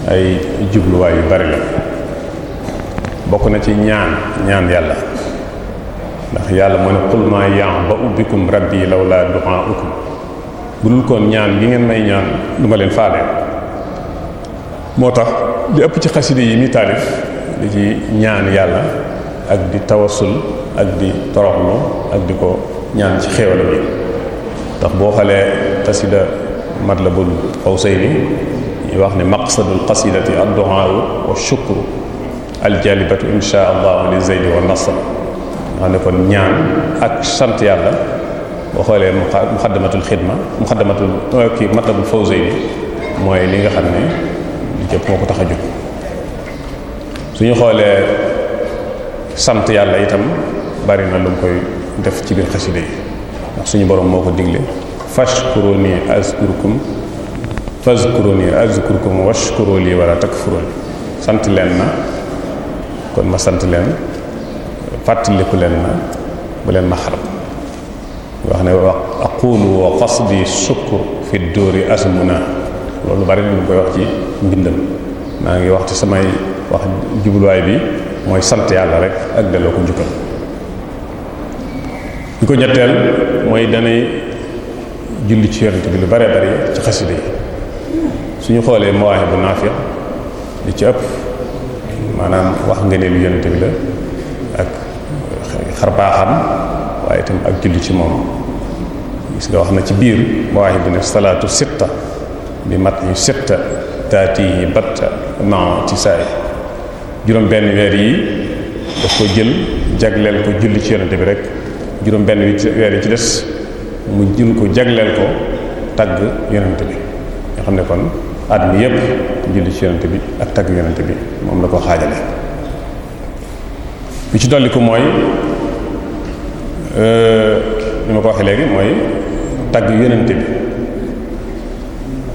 ay jubluwaay yu bari la bokk na ci ñaan ñaan yàlla ndax yàlla moo ne qul ma ya'ba'u bikum rabbi lawla du'a'ukum bu dul koon ñaan gi ngeen may ñaan du ma leen faale moo tax li ëpp ci xasida yi mi taalif di ci ñaan yàlla ak di tawasul ak di toroxlu ak di ko ñaan ci xéewal bi tax boo xalee xasida matlabul fawsayni ñuy wax ne maqsadul qasidati addu'a wa shukru aljalibatu insha allahu li zeydi wa nasr xam ne kon ñaan ak sant yàlla boo xoolee muxaddamatul xidma muxaddamatul euh, kii matlabul fawsayni mooy li nga xam ne li moo ko tax a jóg su ñu xoolee sant yàlla itam bari na lu mu koy def ci biir xasida yi ndax suñu borom moo ko digle fashkuruni azkurkum fazkuruni azkurkum washkuru li wala takfurun sant leen na kon ma sant leen fàttaliku leen na bu leen ma xarab wax ne wa aqulu wa qasdi sukkur fi dóori asmuna loolu bari ne mu koy wax ci mbindam maa ngi wax ci samay wax jubluwaay bi mooy sant yàlla rek ak delloo ko njukkal bi ko ñetteel mooy danay julli ci yonent bi lu bare bari ci xasida suñu xoolee mawaahibu naafi' maanaam wax nga ne lu yonent bi la ak ci moom gis wax na ci biir mawaahibu ne salaatu sitta bi mat juróom benn weer yi daf ko jël jagleel ko julli ci yonent bi rek juróom benn weer yi ci des mu jël ko jagleel ko tagg yonent bi nga xam ne kon at mi yépp julli ci yonent bi ak tagg yonent bi moom la ko xaajale bi ci dolli ko mooy li euh, ma ko waxee léegi mooy tagg yonent bi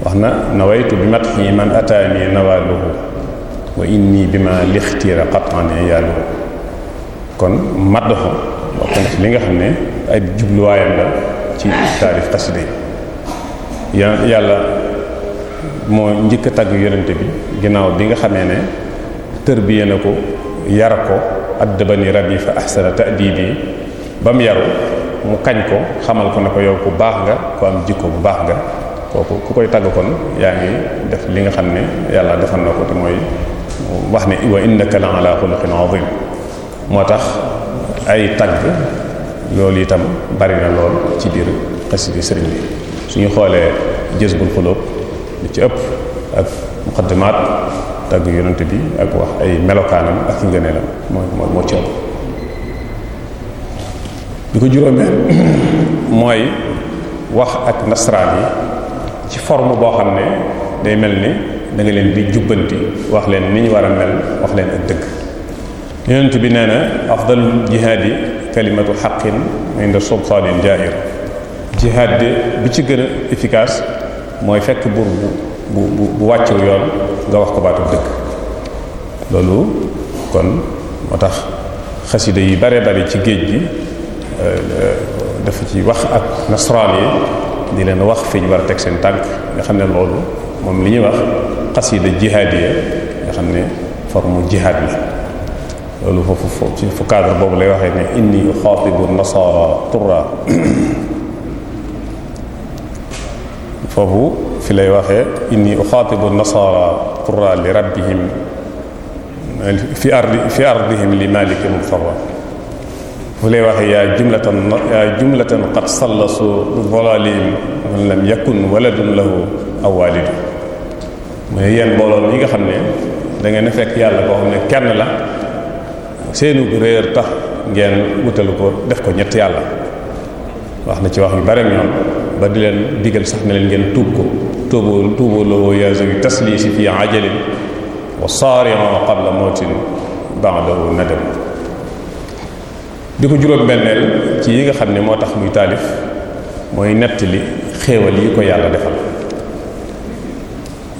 wax na nawaytu bi mat fii man ataani nawaluhu wa inni bi ma lixtiira qatan yaaluhu kon mat dafa bokk na ci li nga xam ne ay jubluwaayam la ci taarif xasida yi yàlla moo njëkk a tagg yonente bi ginnaaw bi nga xamee ne tërbiye na ko yar ko addabani rabbi fa ahsana ta'dibi ba mu yaru mu kañ ko xamal ko ne ko yow ku baax nga ku am jikko bu baax nga kooku ku koy tagg kon yaa ngi def li nga xam ne yàlla defal na ko te mooy wax ne wa innaka la ala xuluqin azim moo tax ay tagg loolu itam bari na lool ci biir xasida sëriñ bi suñu xoolee jësbul xulóob lu ci ëpp ak muqaddimaat tagg yonante bi ak wax ay melokaanam ak ngëneelam mooy mooy moo ci ko juróomee mooy wax ak nasaraan yi ci forme boo xam ne day mel ni da leen di jubbanti wax leen ni war a mel wax leen ak dëgg yonent bi nee afdalul jihaad yi kalimatu xaqin inda sultaanin jaahir jihaad de bi ci gën a efficace mooy fekk buur bu bu bu wàccew yoon nga wax ko baatu dëkk loolu kon moo tax xasida yi bare bare ci géej gi euh, dafa ci wax ak nasraan yi di leen wax fi war a teg seen tànk nga xam ne loolu moom li ñuy wax xasida jihaad yi nga xam ne forme jihaad la loolu fo foofu fu cadre boobu lay waxee ni inni uxaatibu nasara turra foofu fi lay waxee inni uxaatibu nasara turra li rabbihim fi ardi fi ardihim li maliki fu lay waxee yaa jumlatan yaa jumlatan qad sallasu bi dalalihim man lam yakun waladun lahu nga xam ne da ngeen fekk yàlla koo xam ne kenn la seenu réer tax ngeen wutalu ko def ko ñett yàlla wax na ci wax yu bare ñoom ba di leen digal sax ne leen ngeen tuub ko tuubu tuubu loo yazawi taslisi fi ajalin wa sari'u qabla mawtin ba'dahu nadam bi ko juróom benneel ci yi nga xam ne moo tax muy taalif mooy nettali xéewal yi ko yàlla defal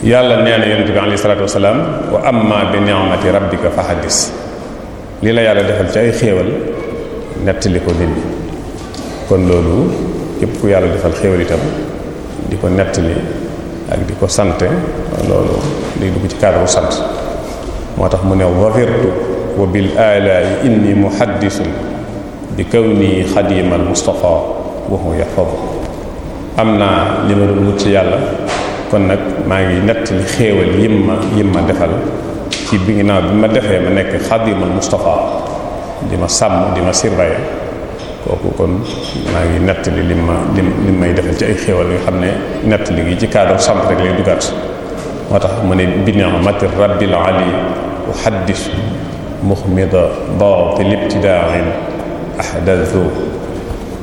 yàlla nee na yonent bi alayhi salaatu wasalaam wa amma bi ni'mati rabbika fa hadis li la yàlla defal ci ay xéewal nettali ko nit kon loolu képp ku yàlla defal xéewal itam di ko nettali ak di ko sante loolu day dugg ci cadre sant moo tax mu ne wafirtu wa bil alaayi inni muhaddisun bi kawni xadimal mustafa waxu yaxfabu am na li ma wut ci yàlla kon nag maa ngi nettali xéewal yim ma yim ma defal ci bi ginnaaw bi ma defee ma nekk xadimul Mustafa di ma sàmm di ma surveiller kooku kon maa ngi nettali li ma li may defal ci ay xéwal nga xam ne nettali gi ci cadre sant rek lay dugaat moo tax mu ne bi ni'mati rabbil ali uhaddis muxmida baatil ibtidaa'in ahdathu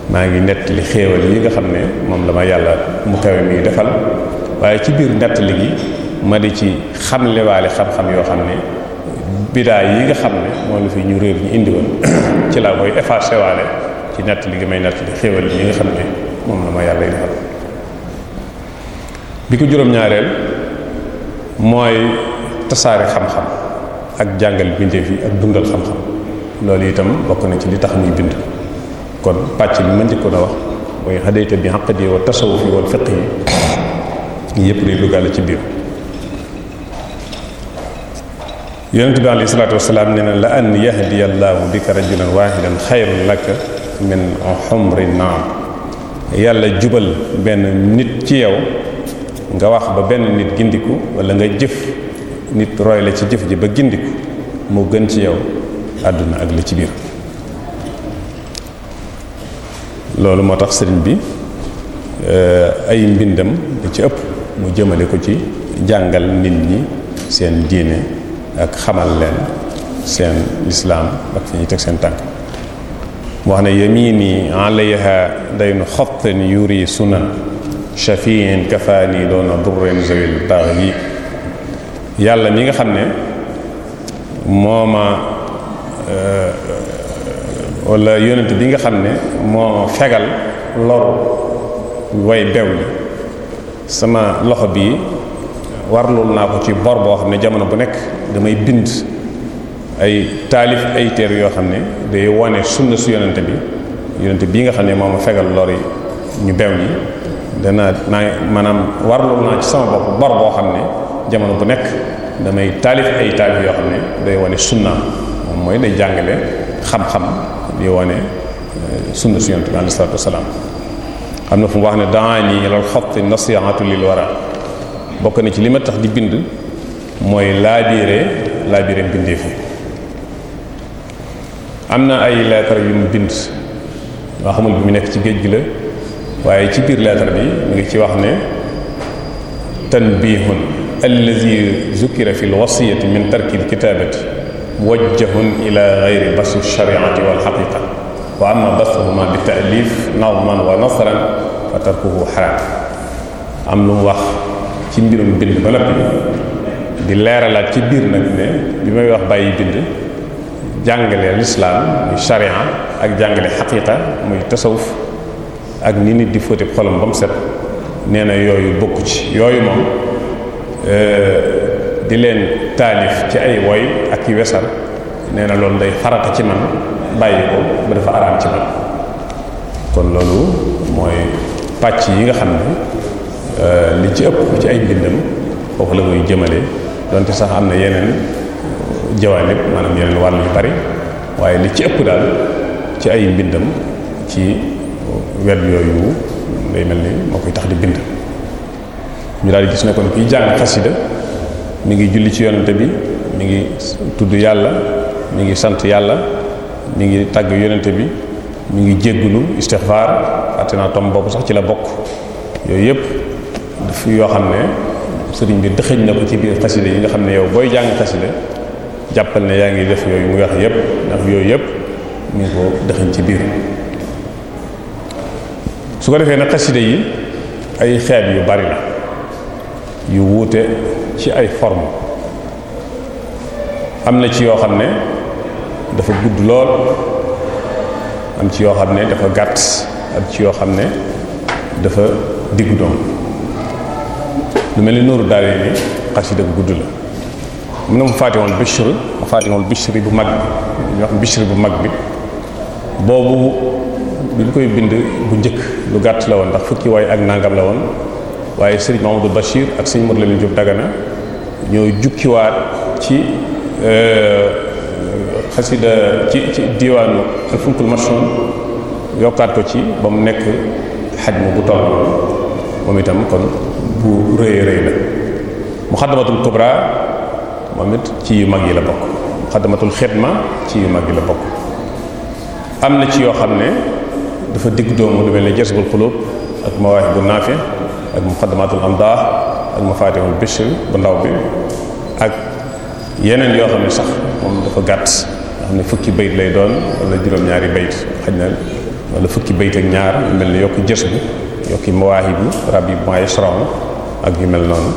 maa ngi nettali xéewal yi nga xam ne moom la ma yàlla mu kawe mi defal waaye ci biir nettali gi ma di ci xamlewaale xam-xam yoo xam ne bidaa yi nga xam ne moom la fi ñu réer ñu indi ci laa koy effacé waale ci natt li gi may natt li xéwal xam ne moom yàlla defal bi ko juróom-ñaareel mooy tasaare xam-xam ak jàngal bindeef yi ak dundal xam-xam loolu itam bokk na ci li tax ñuy bind kon pàcc bi ma njëkkoon a wax mooy xadayta bi xaqdi wa tasawuf yi wal fiq yi yëpp day duggaale ci biir yonente bi alayhi salaatu wasalaam nee na la an yahdiya allaahu bika rajulan waahidan xayrun laka min xumri naam yàlla jubal benn nit ci yow nga wax ba benn nit gindiku wala nga jëf nit roy la ci jëf ji ba gindiku moo gën ci yow àdduna ak li ci biir loolu moo tax sëriñ bi eh, ay mbindam da ci ëpp mu jëmale ko ci jàngal nit ñi seen diine ak xamal leen seen lislaam ak fi ñuy teg seen tànk mu wax ne yamini alayha daynu xattin yuri sunan shafiin kafaani doona durren zawil baxli yàlla mi nga xam ne mooma euh, walla yonent bi nga xam ne moo fegal lor way bew sama loxo bii warlul naa ko ci bor boo xam ne jamono bu nekk damay bind ay taalif ay teer yoo xam ne day wane sunna su bi yonente bii nga xam ne moom fegal lor ñu bew ñi dana maanaam warlul bor boo xam ne jamono bu nekk damay taalif ay taalif yoo xam ne day wane sunna moom mooy day jàngale xam-xam di wane euh, sunna su yonente bi alayhi salaatu wasalaam xam na fu wax ne daani ilal xotti nasiihatu lil wara bokk na ci li ma tax di bind mooy laabiire laabiire fi am na ay lettre yu mu bind waa xamul bi mu nekk ci géej gi la waaye ci biir lettre bi mu ngi ci wax ne tanbihun allazi zukira fi lwasiyati min tarki lkitabati muwajjahun ila geyri basu lshariati walxaqiqa wa ama basuhuma bi taalif nadman wa nasran fa tarkuhu xaram am lu mu wax ci mbirum bind ba noppi di leeralaat ci biir nag ne bi may wax bàyyi bind jàngale lislaam muy sharia ak jàngale xaqiqa muy tasawuf ak ni nit di fóoti xolam ba mu set nee na yooyu bokku ci yooyu moom euh, di leen taalif ci ay woy ak i wesar nee na loolu day farata ci man bàyyi ko ba dafa araam ci man kon loolu mooy pàcc yi nga xam ne Euh, li ci ëpp ci ay mbindam foofu la koy jëmale donte sax am na yeneen euh, jawaanib maanaam yeneen wàll yu bari waaye li ci ëpp daal ci ay mbindam ci euh, wet yooyu day mel ni moo koy tax di bind ñu daal di gis ne kon kiy jàng xasida mi ngi julli ci yonante bi mi ngi tudd yàlla mi ngi sant yàlla mu ngi tàgg yonante bi mu ngi jéggulu istixfaar àtte naa tom boobu sax ci la bokk yooyu yëpp daf yoo xam ne sëriñ bi dëxëñ na ko ci biir xasida yi nga xam ne yow booy jàng xasida jàppal ne yaa ngi def yooyu muy wax yëpp yooyu yëpp mu ngi ci biir su ko defee nag xasida yi ay xeet yu bari la yu wuute ci ay forme am na ci yoo xam ne dafa gudd lool am ci yoo xam ne dafa gàtt am ci yoo xam ne dafa diggu doon lu mel ni nooru daaree ni xasida bu gudd la mun na mu faatihul bishr mu faatihul bishri bu mag bi ñu wax bu mag bi boobu duñ koy bind bu njëkk lu gàtt la woon ndax fukki waay ak nangam la woon waaye sëriñ Mamadou Bachir ak sëriñ Modou Lamine Diop Dagana ñoo jukkiwaat ci euh, xasida ci ci diwaanu alfunkul marchon yokkaat ko ci ba mu nekk xaj ma bu toll moom itam kon bu rëy rëy la muxaddamatul kubra moom it ci yu mag yi la bokk muxaddamatul ma ci yu mag yi la bokk am na ci yoo xam ne dafa digg doomu lu mel ne jasbul xulub ak mawaahibu naafi ak muxaddamatul amdaax ak mafatihul bishr bu ndaw bi ak yeneen yoo xam ne sax moom dafa gàtt nga xam ne fukki bayit lay doon wala juróom-ñaari bayit xaj na wala fukki bayit ak ñaar mel ne yokki jës bi yokki mawaahibu rabbi ma yashra'u ak yu mel noonu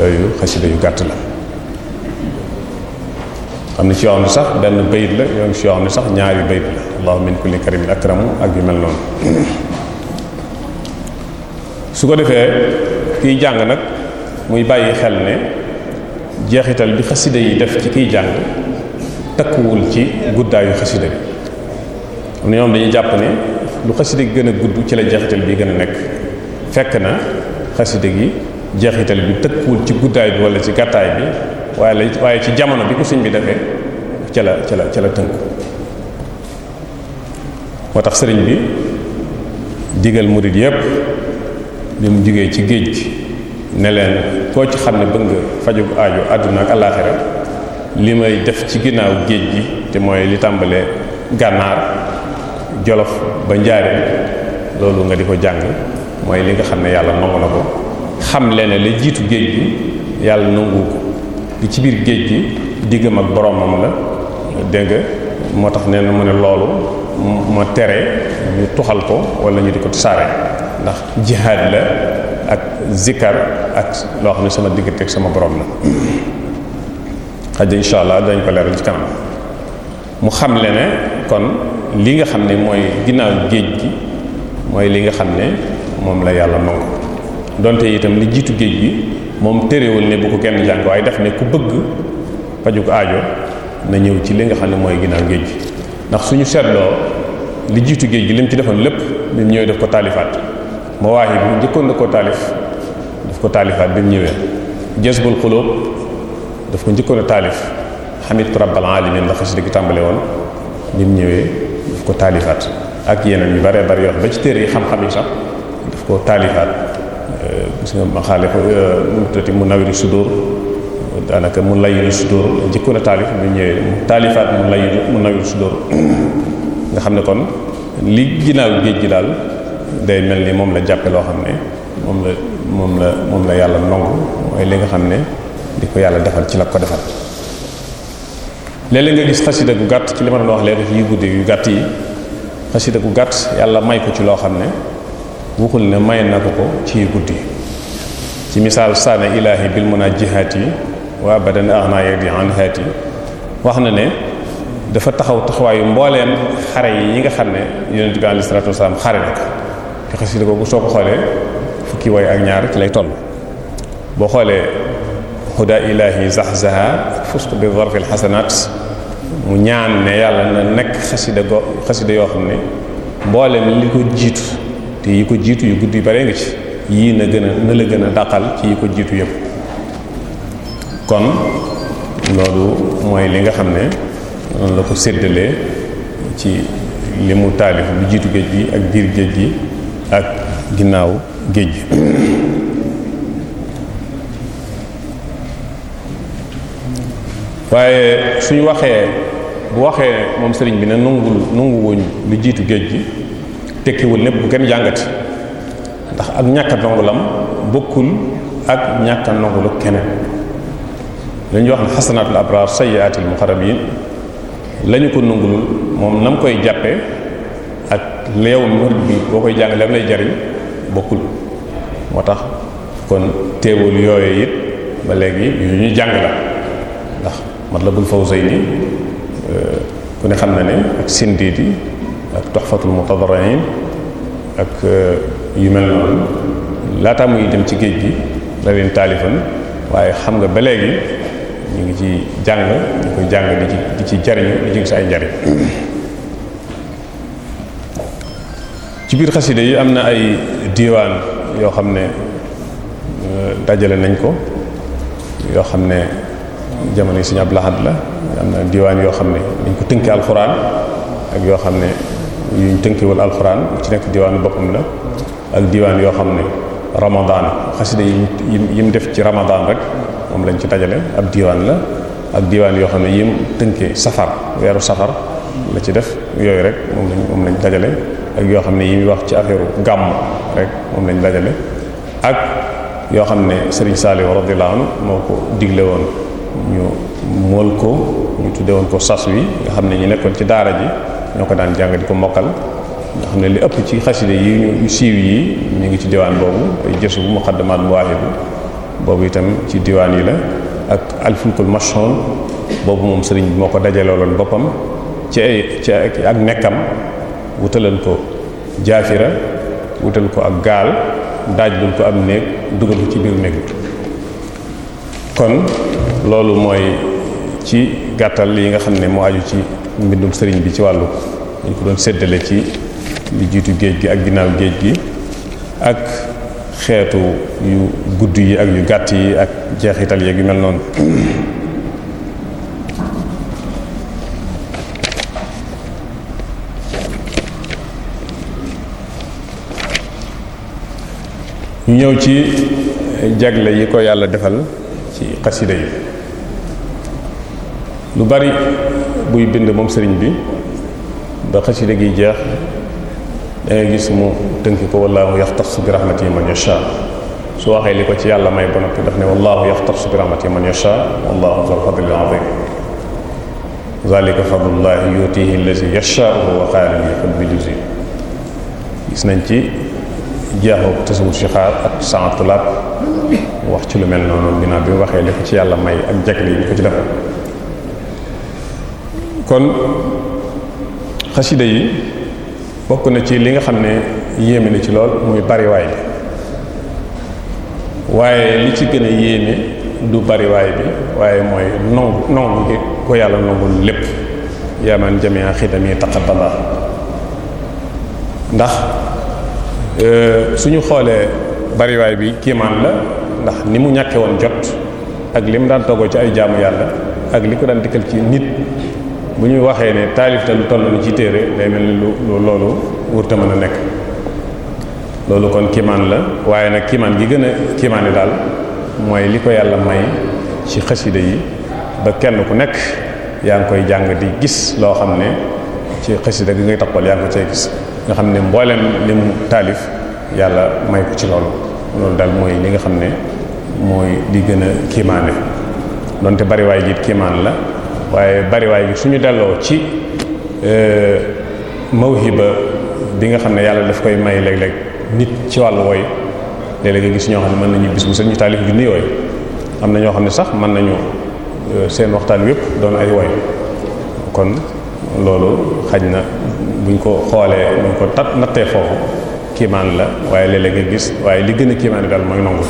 yooyu xasida yu gàtt la xam ne ci yoo xam ne sax benn bayit la yoo ci yoo xam ne sax ñaari bayit la allahu min kulli karimin akramu ak yu mel su ko defee kiy jàng nag muy bàyyi xel ne jeexital bi xasida yi def ci kiy jàng takkuwul ci guddaayu xasida bi am na ñoom dañuy jàpp ne lu xasida gi gën a gudd ci la jeexital bi gën a nekk fekk na xasida gi jeexital bi tëkkuwul ci guddaay bi wala ci gàttaay bi waaye la waaye ci jamono bi ko sëñ bi defee ca la ca la ca la tënku moo tax sëriñ bi digal murid yépp bi mu jugee ci géej gi ne leen koo ci xam ne bëgg nga fajug aajo àdduna ak àllaaxira li may def ci ginnaaw géej gi te mooy li tàmbalee gànnaar jolof ba njaareel loolu nga di ko jàng mooy li nga xam ne yàlla nangu na xam le ne la jiitu géej gi yàlla nangu ko li ci biir géej gi diggam ak boromam la dégg moo tax nee na ma ne loolu ma tere ñu tuxal ko wala ñu di ko tasaare ndax jihaad la ak zikar ak loo xam ne sama diggante ak sama borom la xaj insha allah dañ ko leeral ci kanam mu xam le ne kon li nga xam ne mooy ginnaaw géej gi mooy li nga xam ne moom la yàlla nangu donte itam li jiitu géej gi moom téréwul ne bu ko kenn jàng waaye def ne ku bëgg ko aajo na ñëw ci li nga xam ne mooy ginnaaw géej gi ndax suñu seetloo li jiitu géej gi lim ci defoon lépp bi mu ñëwee daf ko taalifaat mawaahib bu njëkkoon da koo taalif daf ko taalifaat bi mu ñëwee jazbul xulóob daf ko njëkkoon a taalif xamit rabbal alamin la xasida gi tàmbale woon bi mu ñëwee daf ko taalifaat ak yeneen yu bare bare yoo ba ci téere yi xam-xam yi sax daf ko taalifaat gis nga maxaalif euh, mu tati mu nawiru sudur daanaka mu layilu sudur njëkkoon a taalif mu ñëwee taalifaat mu layilu mu nawiru sudur nga xam ne kon li ginnaaw géej gi daal day mel ni moom la jàppe loo xam ne moom la moom la moom la yàlla nangu mooy li nga xam ne di ko yàlla defal ci la ko defal léeg-léeg nga gis xasida gu gàtt ci li ma doon wax léegi ci guddi yu gàtt yi xasida gu gàtt yàlla may ko ci loo xam ne waxul ne may na ko ko ci guddi ci misaal saana ilaahi bil mun a jihaat yi waa abadan ahna yadi an haat yi wax na ne dafa taxaw taxawaayu mbooleem xare yi ñi nga xam ne yonent bi alayhi salaatu wasalaam xare ko te soo ko xoolee fukki woy ak ñaar ci lay toll boo xoolee huda ilaahi zahzaha fusq bi zarfil xasanaat mu ñaan ne yàlla na nekk xasida go xasida yoo xam ne mbooleem li ko jiitu yi ko jiitu yu gudd yu bare nga ci yii na gën a na la gën a dàqal ci yi ko jiitu yëpp kon loolu mooy li nga xam ne noonu la ko séddalee ci li mu taalif lu jiitu géej gi ak biir géej gi ak ginnaaw géej gi waaye suñ waxee bu waxee moom sëriñ bi ne nungul nungu lu jiitu géej gi tekkiwul ne bu kenn jàngati ndax ak ñàkk a nangulam bokkul ak ñàkk a nangulu keneen li ñuy wax ne xasanaatul abraar sayyiaatil muqarrabiin la ñu ko nangulul moom nam koy jàppe ak leew murid bi boo koy jàng lem lay jariñ bokkul moo tax kon teewul yooyu it ba léegi yu ñu jàng la ndax Matlabul Fawzayni euh, ku ne xam na ne ak Sindiidi ak Tuhfatul Mutadarrin ak euh, yu mel noonu laataa muy dem ci géej gi la taalifon waaye xam nga ba léegi ñu ngi ci jàng ñu koy jàng di ci di ci jariñu di ci gis ay njariñ ci biir xasida yi am na ay diiwaan yoo xam ne euh, dajale nañ ko yoo xam ne jamono yi Sëriñ ab Ahad la am na diiwaan yoo xam ne dañ ko tënke alxuraan ak yoo xam ne ñu tënkewal alxuraan ci nekk diwaanu boppam la ak diwaan yoo xam ne ramadan xasida yi mu def ci ramadan rek moom lañ ci dajale ab diwaan la ak diwaan yoo xam ne yim tënkee safar weeru safar la ci def yooyu rek moom lañ moom lañ dajale ak yoo xam ne yi wax ci affaire gàmm rek moom lañ dajale ak yoo xam ne sëriñ Saliou la anhu moo ko digle woon ñu mool ko ñu tudde woon ko sas wi nga xam ne ñu nekkoon ci daara ji ñoo ko daan jàng di ko mokkal nga xam ne li ëpp ci xaside yi ñu siiw yi ñu ngi ci diwaan boobu ay jësu bu muqaddimaat muwaahibu boobu itam ci diwaan yi la ak alfulkul mashhun boobu moom sëriñ bi moo ko loolu boppam ci ay ci ak nekkam wutalal ko jaafira wutal ko ak gaal daaj bul ko am néeg dugal ko ci biir néeg kon loolu mooy ci gàttal yi nga xam ne moo aju ci mbindum sëriñ bi ci wàllu dañ ko doon séddale ci li jiitu géej gi ak ginnaaw géej gi ak xeetu yu gudd yi ak yu gàtt yi ak jeexital yeeg gi mel noonu ñu ñëw ci jagle yi ko yàlla defal ci xasida yi lu bari buy bind moom sëriñ bi ba xasida gi jeex da ngay gis mu tënki ko wallaahu yaxtas bi rahmatihi man yasha su waxee li ko ci yàlla may ba noppi ne wallaahu yaxtas bi rahmatihi man yasha wallaahu zal fadlil azim zalika fadlullahi yutihi allazi yashaa'uhu wa qaalim yakun bi juzi gis nañ ci jeexu tasawur si xaar ak saantulaat wax ci lu mel noonu ginnaaw bi waxee li ko ci yàlla may ak jagle yi ko ci defal kon xasida yi bokk na ci li nga xam ne yéeme na ci lool muy bariwaay bi waaye li ci gën a yéeme du bariwaay bi waaye mooy nongu nongu gi ko yàlla nongul lépp yaamaan jamia xidami taqabbala ndax euh, suñu xoolee bariwaay bi kiimaan la ndax ni mu ñàkke woon jot ak li mu daan toggoo ci ay jaamu yàlla ak li ko daan dikkal ci nit bu ñu waxee ne taalif te lu toll ni ci téere day mel ni lu loolu wurta mën a nekk loolu kon kiimaan la waaye nag kiimaan gi gën a kiimaani daal mooy li ko yàlla may ci xasida yi ba kenn ku nekk yaa ngi koy jàng di gis loo xam ne ci xasida gi ngay toppal yaa ngi ko cay gis nga xam ne mbooleem li mu taalif yàlla may ko ci loolu loolu daal mooy li nga xam ne mooy di gën a kiimaane donte bariwaay jiit kiimaan la waaye bari bariwaay bi suñu delloo ci euh, mawhiba bi nga xam ne yàlla daf koy may léeg-léeg nit ci wàllu woy léeg-léeg nga gis ñoo xam ne mën nañu bis mu seen ñu taalif junni yooyu am na ñoo xam ne sax mën nañu euh, seen waxtaan wépp doon ay woy kon loolu xaj na buñ ko xoolee buñ ko tat nattee foofu kiimaan la waaye léeg-léeg nga gis waaye li gën a kiimaan bi daal mooy nangu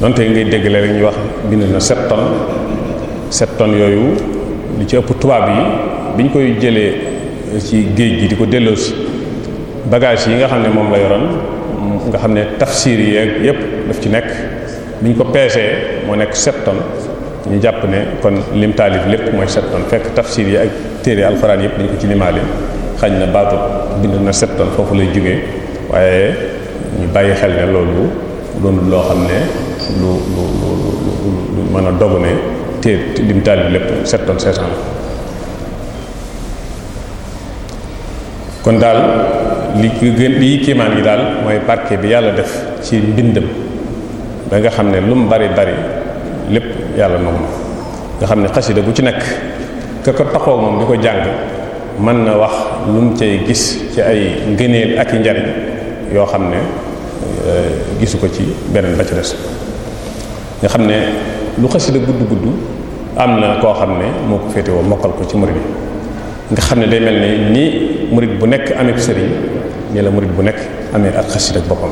donte ngay dégg léeg-léeg ñuy wax bind na sept tonnes sept tonnes yooyu li ci ëpp tubaab yi biñ koy jëlee ci géej gi di ko delloosi bagage yi nga xam ne moom la yoroon nga xam ne tafsir yi yépp daf ci nekk biñ ko peesee moo nekk sept tonnes ñu jàpp ne kon lim taalif lépp mooy sept tonnes fekk tafsir yi ak téere alxuraan yépp dañ ko ci limaale xañ na baatu bind na sept tonnes foofu lay jógee waaye ñu bàyyi xel ne loolu doonul loo xam ne lu lu lu lu mën a dogu ne te lim taalib lépp sept tonnes cinq cent la kon daal li gën li kiimaan gi daal mooy barke bi yàlla def ci mbindam ba nga xam ne lu mu bari bari lépp yàlla noonu nga xam ne xasida bu ci nekk ka ko taxoo moom di ko jàng mën na wax lu mu cay gis ci ay ngëneel ak i njariñ yoo xam ne euh, gisu ko ci beneen ba ci des nga xam ne lu xasida gudd gudd am na koo xam ne moo ko féetewoo mokkal ko ci murid yi nga xam ne day mel ne ni murid bu nekk amee sëriñ nii la murid bu nekk amee ak xasida ak boppam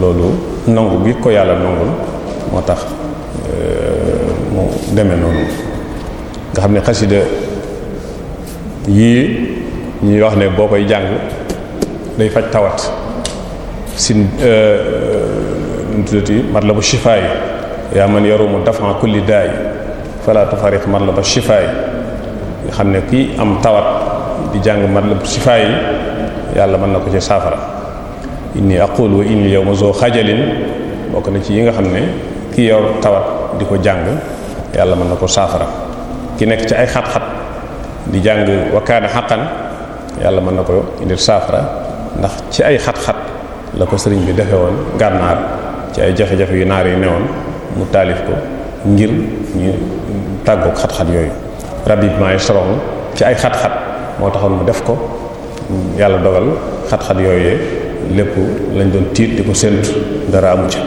loolu nangu gi ko yàlla nangul moo tax euh, mu demee noonu nga xam ne xasida yii ñuy wax ne boo koy jàng day faj tawat sin euh, tuddati mat la bu shifaay yaa man yarumu dafan kulli daay fala tafariq matlab shifaay nga xam ne kii am tawat di jàng matlab shifaay yàlla mën na ko ci saafara inni aqul wa inni yow ma zoo bokk na ci yi nga xam ne kii yor tawat di ko jàng yàlla mën na ko saafara ki nekk ci ay xat-xat di jàng wakkaane xaqan yàlla mën na ko indil saafara ndax ci ay xat-xat la ko sëriñ bi defe woon gànnaar ci ay jafe-jafe yu naar yi newoon mu taalif ko ngir ñu tàggoog xat-xat yooyu rabbi bi maay soroon ci ay xat-xat moo taxoon mu def ko yàlla dogal xat-xat yooyee lépp lañ doon tiit di ko séntu dara amu ca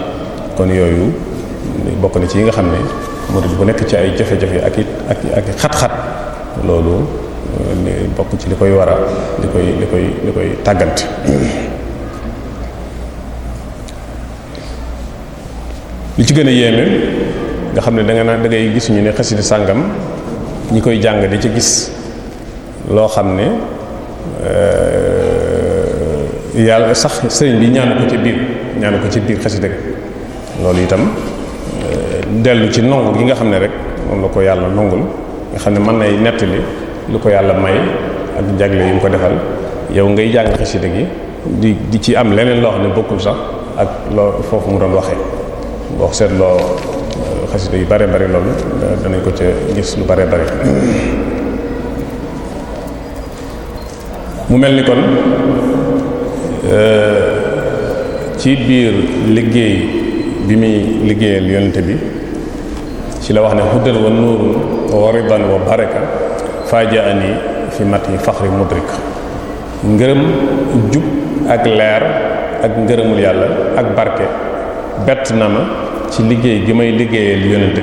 kon yooyu bokk na ci yi nga xam ne murid bu nekk ci ay jafe-jafe ak it ak ak xat-xat loolu eh, bokk ci li koy war a li koy li koy li koy tàggante li ci gën a yéeme nga xam ne da nga naan da ngay gis ñu ne xasida sàngam ñi koy jàng di ci gis loo xam ne euh, yàlla sax sëriñ bi ñaanu ko ci biir ñaanu ko ci biir xasida loolu itam euh, dellu ci nongu gi nga xam ne rek moom la ko yàlla nongul nga xam ne mën nay nettali lu ko yàlla may ak jagle yi mu ko defal yow ngay jàng xasida gi di di ci am leneen loo xam ne bokkul sax ak loo foofu mu doon waxee boo seetloo euh, xasida yu bare bari loolu euh, danañ ko ca gis lu bare bari mu mel ni kon euh, ci biir liggéey bi muy liggéeyal yonent bi ci la wax ne huddal wa nuurun wa ridan wa baraka fajaani fi mat yi faxri mudrik ngërëm jub ak leer ak ngërëmul yàlla ak barke bett na ma ci liggéey gi may liggéeyal yonent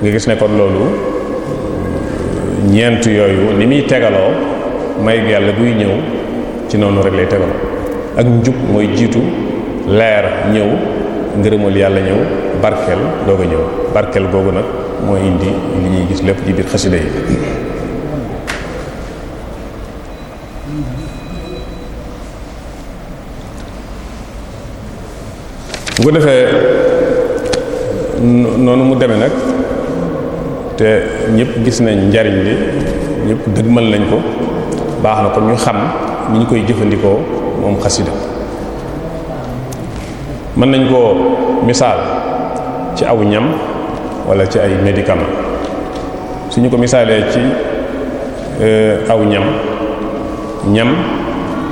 bi nga gis ne loolu ñeent yooyu ni muy tegaloo may yàlla buy ñëw ci noonu rek lay tegaloo ak njub mooy jiitu leer ñëw ngërëmal yàlla ñëw barkeel doog a ñëw barkeel googu nag mooy indi li ñuy gis lépp ci biir xasida yi noonu mu demee nag te ñëpp gis nañ njariñ li ñëpp dëgmal nañ ko baax na kon ñu xam ni ñu koy jëfandikoo moom xasida mën nañ koo misaal ci aw ñam wala ci ay médicament suñu ko misaalee ci euh, aw ñam ñam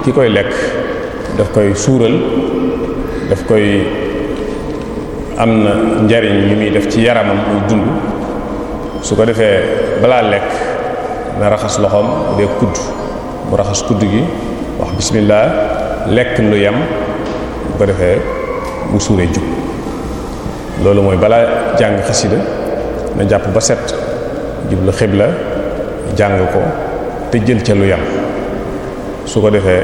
ki koy lekk daf koy suural daf koy am na njariñ yu muy def ci yaramam muy dund su ko defee balaa lekk na raxas loxoom de dee kudd mu raxas kudd gi wax bismillah lekk lu yem bu ko defee bu suuree jub loolu mooy balaa jàng xasida na jàpp ba set jublu xibla jàng ko te jël ca lu yem su ko defee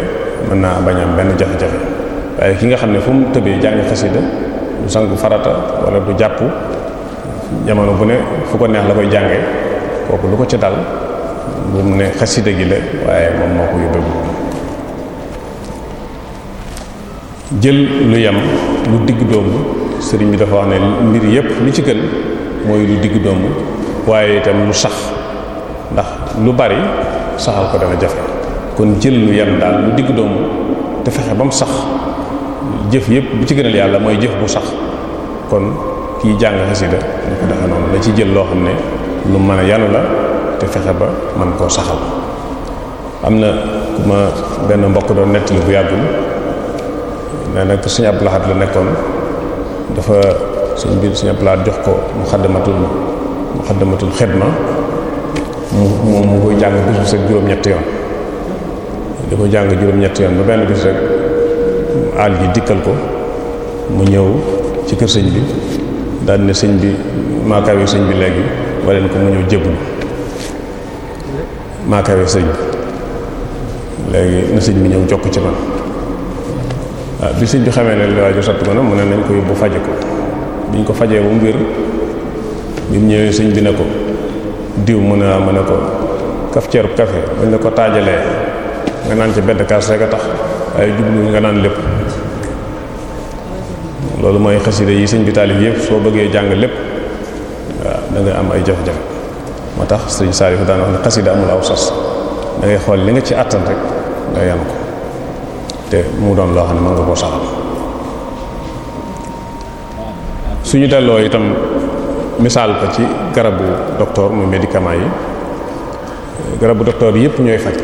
mën naa bañ benn jafe-jafe waaye ki nga xam ne fu mu tëbee jàng xasida du sangu farata wala du jàpp jamono bu ne fu ko neex la koy jànge kooku lu ko ca dal bu ne xasida gi la waaye moom moo ko yóbbe jël lu yem lu digg doomu sëriñ bi dafa wax ne mbir yépp li ci gën mooy lu digg doomu waaye itam lu sax ndax lu bari saxal ko dana jafe kon jël lu yem daal lu digg doomu te fexe ba mu sax jëf yëpp bu ci gënal yàlla mooy jëf bu sax kon kii jàng xasida ñu ko defe noonu la ci jël loo xam ne lu mën a yanu la te fexe ba man koo saxal am na ku ma benn mbokk doon nettali bu yàggul nee nag suñu Abdou la nekkoon dafa suñ biir suñu Abdou Lahad jox ko mu xaddamatul mu xaddamatul xidma mu mu mu koy jàng bisu sa juróom-ñetti yoon di ko jàng juróom-ñetti yoon ba benn bis rek aal ji dikkal ko mu ñëw ci kër sëñ bi daal ne sëñ bi maakaawe sëñ bi léegi waleen ko mu ñëw jébbalu maakaawe sëñ bi léegi na sëñ bi ñëw jokk ci man waaw ah, bi sëñ bi xamee ne li waaju satt ko na mu ne nañ ko yóbbu faje ko biñ ko fajee ba mu wér bi ñëwee sëñ bi ne ko diw mu ne ah, mu ne ko kaf ceerub kafe bañ la ko taajalee nga naan ci bedd kaas rek a tax waaye jublu nga naan lépp loolu mooy xasida yi sëñ bi taalif yëpp soo bëggee jàng lépp waaw da nga am ay jafe-jafe moo tax sëñ Saalif daan wax ne xasida amul aw sas da xool li nga ci àttan rek nga yanu ko te mu doon loo xam ne mën nga koo saxal suñu delloo itam misaal ko ci garabu docteur muy médicament yi garabu docteur yëpp ñooy faj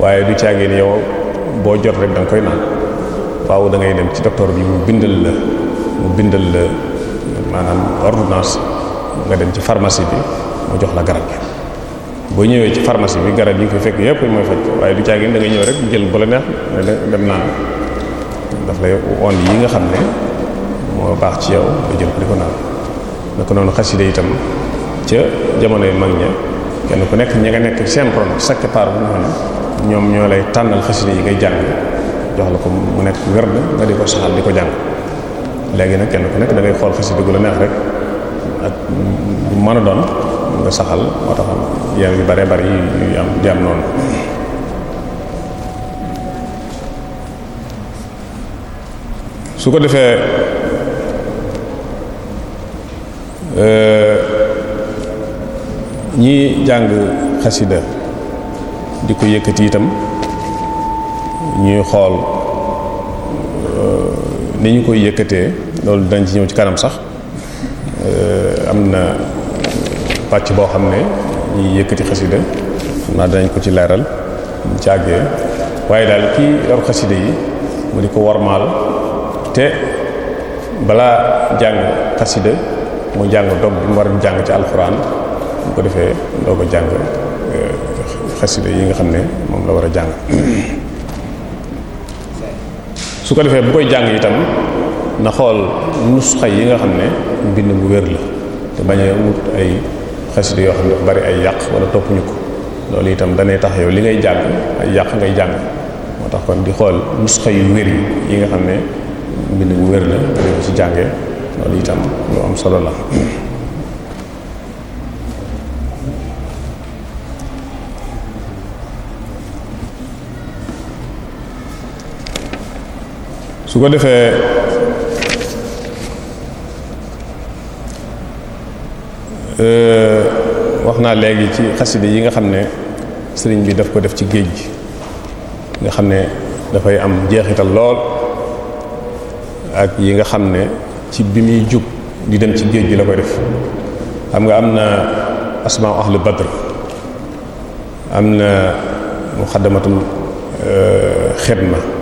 waaye du caagee ni yow boo jot rek da koy naan waaw dangay dem ci docteur bi mu bindal la mu bindal la maanaam ordonnance nga dem ci pharmacie bi mu jox la garab gi boo ñëwee ci pharmacie bi garab yi nga fekk yëpp mooy faj waaye du caagin da ngay ñëw rek jël bu la neex dem naan daf lay on yi nga xam ne moo baax ci yow nga jël ko di ko naan naka noonu xasida itam ca jamono yu mag ña kenn ku nekk ña nga nekk seen ron chaque part bu nga ñoom ñoo lay tànnal xasida yi ngay jàng jox la ko mu nekk werd nga di ko saxal di ko jàng léegi nag kenn ku nekk da xool xasida gu neex rek ak mën a doon nga saxal moo tax yenn yu bare bari yu am di am noonu su ko defee euh, ñi jàng xasida di ko yëkkati itam ñuy xool euh, ni ñu koy yëkkatee loolu dañ ci ñëw ci kanam sax euh, am na pàcc boo xam ne ñuy yëkkati xasida xam naa danañ ko ci leeral ñu ci àggee waaye daal kii yor xasida yi mu di ko warmaal te balaa jàng xasida mu jàng dog bi mu war a jàng ci alxuraan bu ko defee doo ko jàng euh, xasida yi nga xam ne moom la war a jàng su ko defee bu koy jàng itam na xool nusxa yi nga xam ne mbind mu wér la te bañ a wut ay xasida yoo xam ne bari ay yàq wala topp ko loolu itam danay tax yow li ngay jàng ay yàq ngay jàng moo tax kon di xool nusxa yu wér yi yi nga xam ne mbind mu wér la nga di ko ci jàngee loolu itam lu am solo la su ko defee euh, wax naa léegi ci xasida yi nga xam ne sëriñ bi daf ko def ci géej gi nga xam ne dafay am jeexital lool ak yi nga xam ne ci bi muy jub di dem ci géej gi la koy def xam nga am na asmaa ahlu badr am na muxaddamatul euh, xidma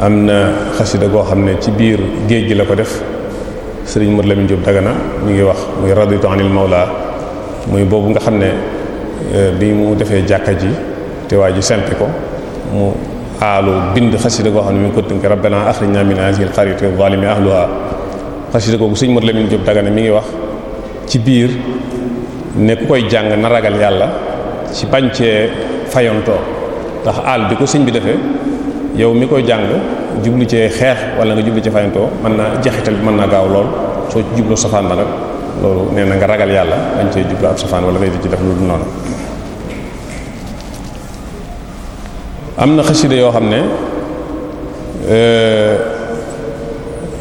am na xasida goo xam ne ci biir géej gi la ko def sëriñ Modou Lamine Diop Dagana mu ngi wax muy raditu anil laa muy boobu nga xam ne euh, bi mu defee jàkka ji te waa ji sempi ko mu aalu bind xasida goo xam ne mu ngi ko tënk rabbana akhrijna min hadhihi al-qaryati adh-dhalimi ahluha xasida googu sëriñ Modou Lamine Diop Dagana mu ngi wax ci biir ne ku koy jàng na ragal yàlla ci bañ cee fayonto ndax aal bi ko sëñ bi defee yow mi koy jàng jublu cee xeex wala nga jublu ci fayantoo mën naa jaxital bi mën naa gaaw lool soo ci jublu safaan ba nag loolu nee na nga ragal yàlla dañ cee jublu ab safaan wala ngay di ci def lu dul noonu am yoo xam ne euh,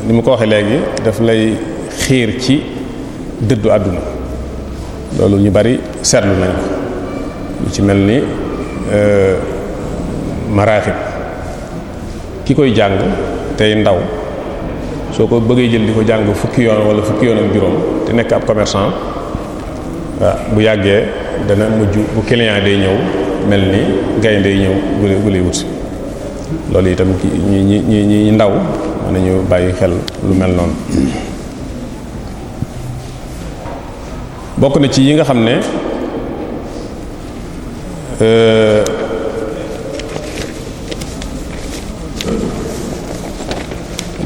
ni ko waxee léegi daf lay xiir ci dëddu àdduna loolu ñu bari seetlu nañ ko ci mel ni euh, maraaxib ki koy jàng tey ndaw soo ko bëggee jël di ko jàng fukki yoon wala fukki yoon ak juróom te nekk ab commerçant waaw ah, bu yàggee dana mujj bu client day ñëw mel ni gaynde day ñëw gule gule wut si loolu itam ñi ñi ñi ñi ndaw mën nañu bàyyi xel lu mel noonu bokk na ci yi nga xam ne euh,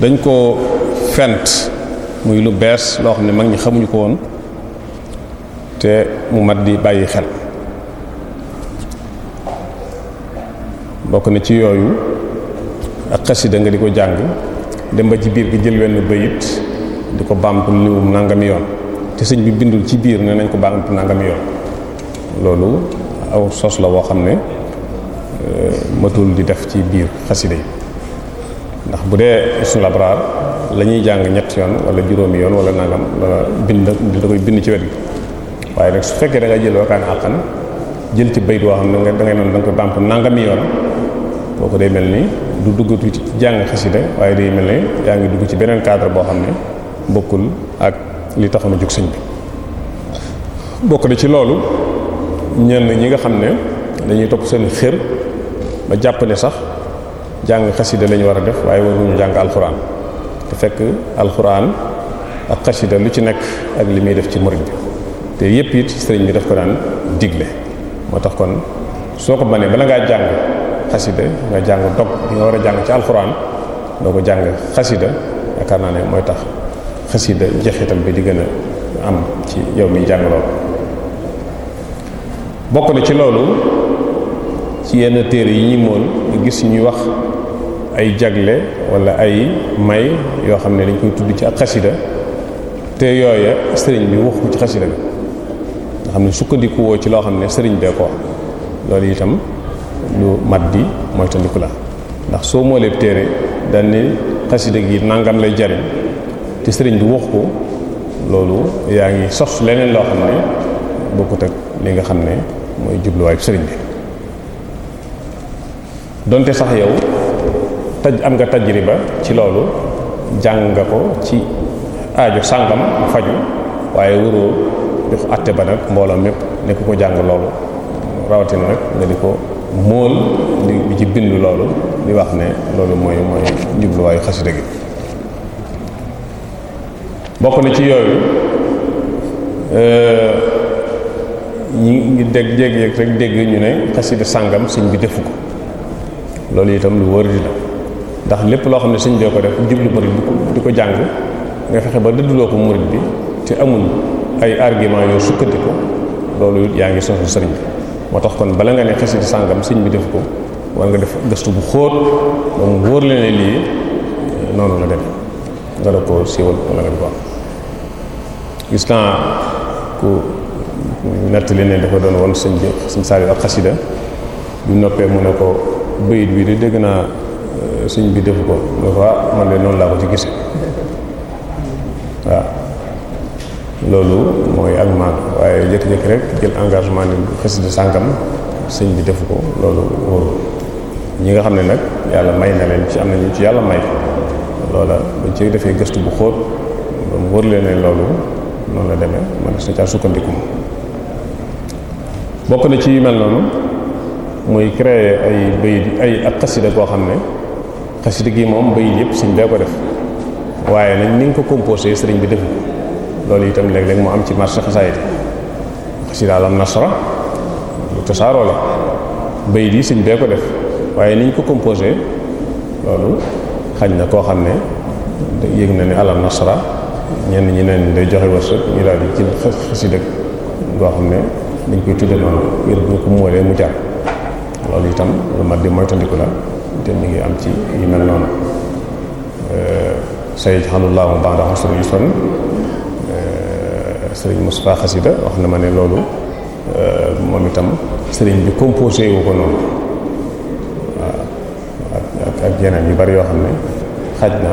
dañ koo fent muy lu bees loo xam ne mag ñi xamuñu ko woon te mu mat di bàyyi xel bokk na ci yooyu ak xasida nga di ko jàng dem ba ci biir gi jël wenn bayit di ko bàmtu liwum nangami yoon te sëñ bi bindul ci biir ne nañ ko bàmtu nangami yoon loolu aw sos la woo xam ne euh, matul di def ci biir xasida yi ndax bu dee ismu labraar la ñuy jàng ñett yoon wala juróomi yoon wala nangam bind da koy bind ci wet gi waaye nag su fekkee da nga jël wakaan àqan jël ci bayit boo xam ne da ngay noonu da nga ko dàmp nangami yoon boo ko day mel ni du duggatu ci jàng xasida waaye day mel ni yaa ngi dugg ci beneen cadre boo xam ne bokkul ak li taxoon a jug bi bokk na ci loolu ñenn ñi nga xam ne dañuy topp seen xër ba jàpp ne sax jàng xasida lañu war a def waaye waruñu jàng alxuraan te fekk alxuraan ak xasida lu ci nekk ak li muy def ci murid bi te yépp it sëriñ bi daf ko daan digle moo tax kon soo ko mënee bala ngaa jàng xasida nga jàng dog bi nga war a jàng ci alxuraan doo ko jàng xasida yaakaar naa ne mooy tax xasida jeexital bi di gën a am ci yow mi jàng loolu bokk na ci loolu ci yenn téere yi ñuy mool gis ñuy wax ay jagle wala ay may yoo xam ne dañ koy tudd ci ak xasida te yooya sëriñ bi wax ko ci xasida bi nga xam ne sukkandiku woo ci loo xam ne sëriñ bee ko wax loolu itam lu mat di mooy tandiku la ndax soo mooleeb téere dañ ne xasida gi nangam lay jariñ te sëriñ bi wax ko loolu yaa ngi sos leneen loo xam ne bokkut ak li nga xam ne mooy jubluwaayu sëriñ bi donte sax yow taj am nga tajriba ci loolu jàng nga ko ci aaju sàngam faju waaye wuroo jox atte ba nag mbooloo mépp ne ku ko jàng loolu rawatina nag nga di ko móol di ci bindu loolu di wax ne loolu mooy mooy jubluwaayu xasida gi bokk na ci yooyu euh, ñi ngi dégg jéeg rek dégg ñu ne xasida sàngam sëñ bi defu ko loolu itam lu wër di ndax lépp loo xam ne sëñ bee ko def jublu murid di ko jàng nga fexe ba dëdduloo ko murid bi te amul ay argument yoo sukkandiku loolu yaa ngi soxla sëriñ bi moo tax kon bala nga ne xasida sàngam sëñ bi def ko war nga def gëstu bu xóot ba mu wóor la ne lii eh, noonu la def nga la ko siiwal wala nga di ko am gis naa ku nettali ne dafa doon woon sëñ bi sëñ Saliou ak xasida du ko bayit bi dégg naa sëñ bi defu ko nga ko ah, man de noonu laa ko ci gise waaw loolu mooy ak maag waaye jékki-jékki rek jël engagement ni xasida sàngam sëñ bi def ko loolu wóoru ñi nga xam ne nag yàlla may na leen ci am na ñu ci yàlla may loola dañ ci defee gëstu bu xóot ba mu wër leen loolu noonu la demee man des na sukkandiku bokk na ci yu mel noonu muy créer ay bayit ay ak xasida koo xam ne xasida gi moom bayit yëpp sëñ bee ko def waaye nag ni nga ko composé sëriñ bi def loolu itam léeg-léeg mu am ci marché xasaayid xasida alam nasra lu tasaaroo la bayit yi sëñ bee ko def waaye ni ko composé loolu na koo xam ne yëg na ne alam nasra ñenn ñi neen day joxe wërsëg ñu daal di ci xasida goo xam ne dañ koy tudde noonu wér bu ko moolee mu jaar loolu itam lu mat di moytandiku la te mi ngi am ci yu mel noonu euh, sayaj'alullaahu ba'da usrin yusran euh, sëriñ Moustapha Xasida wax na ma ne loolu euh, moom itam sëriñ bi composé wu ko noonu waaw ak ak yeneen yu bari yoo xam ne xaj na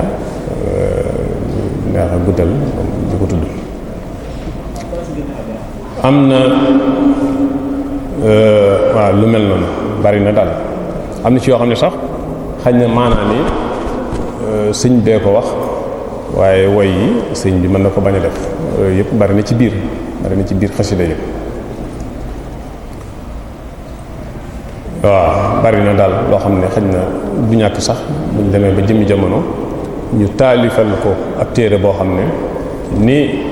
neex a guddal di ko tudd am na waaw lu mel noonu bari na daal am na ci yoo xam ne sax xañ na maanaam yi euh, sëñ bee ko wax waaye woy yi sëñ bi mën na ko bañ a def yépp bari na ci biir bari na ci biir xasida yëpp waaw bari na daal loo xam ne xañ na du ñàkk sax buñ demee ba jëmmi jamono ñu taalifal ko ak téere boo xam ne ni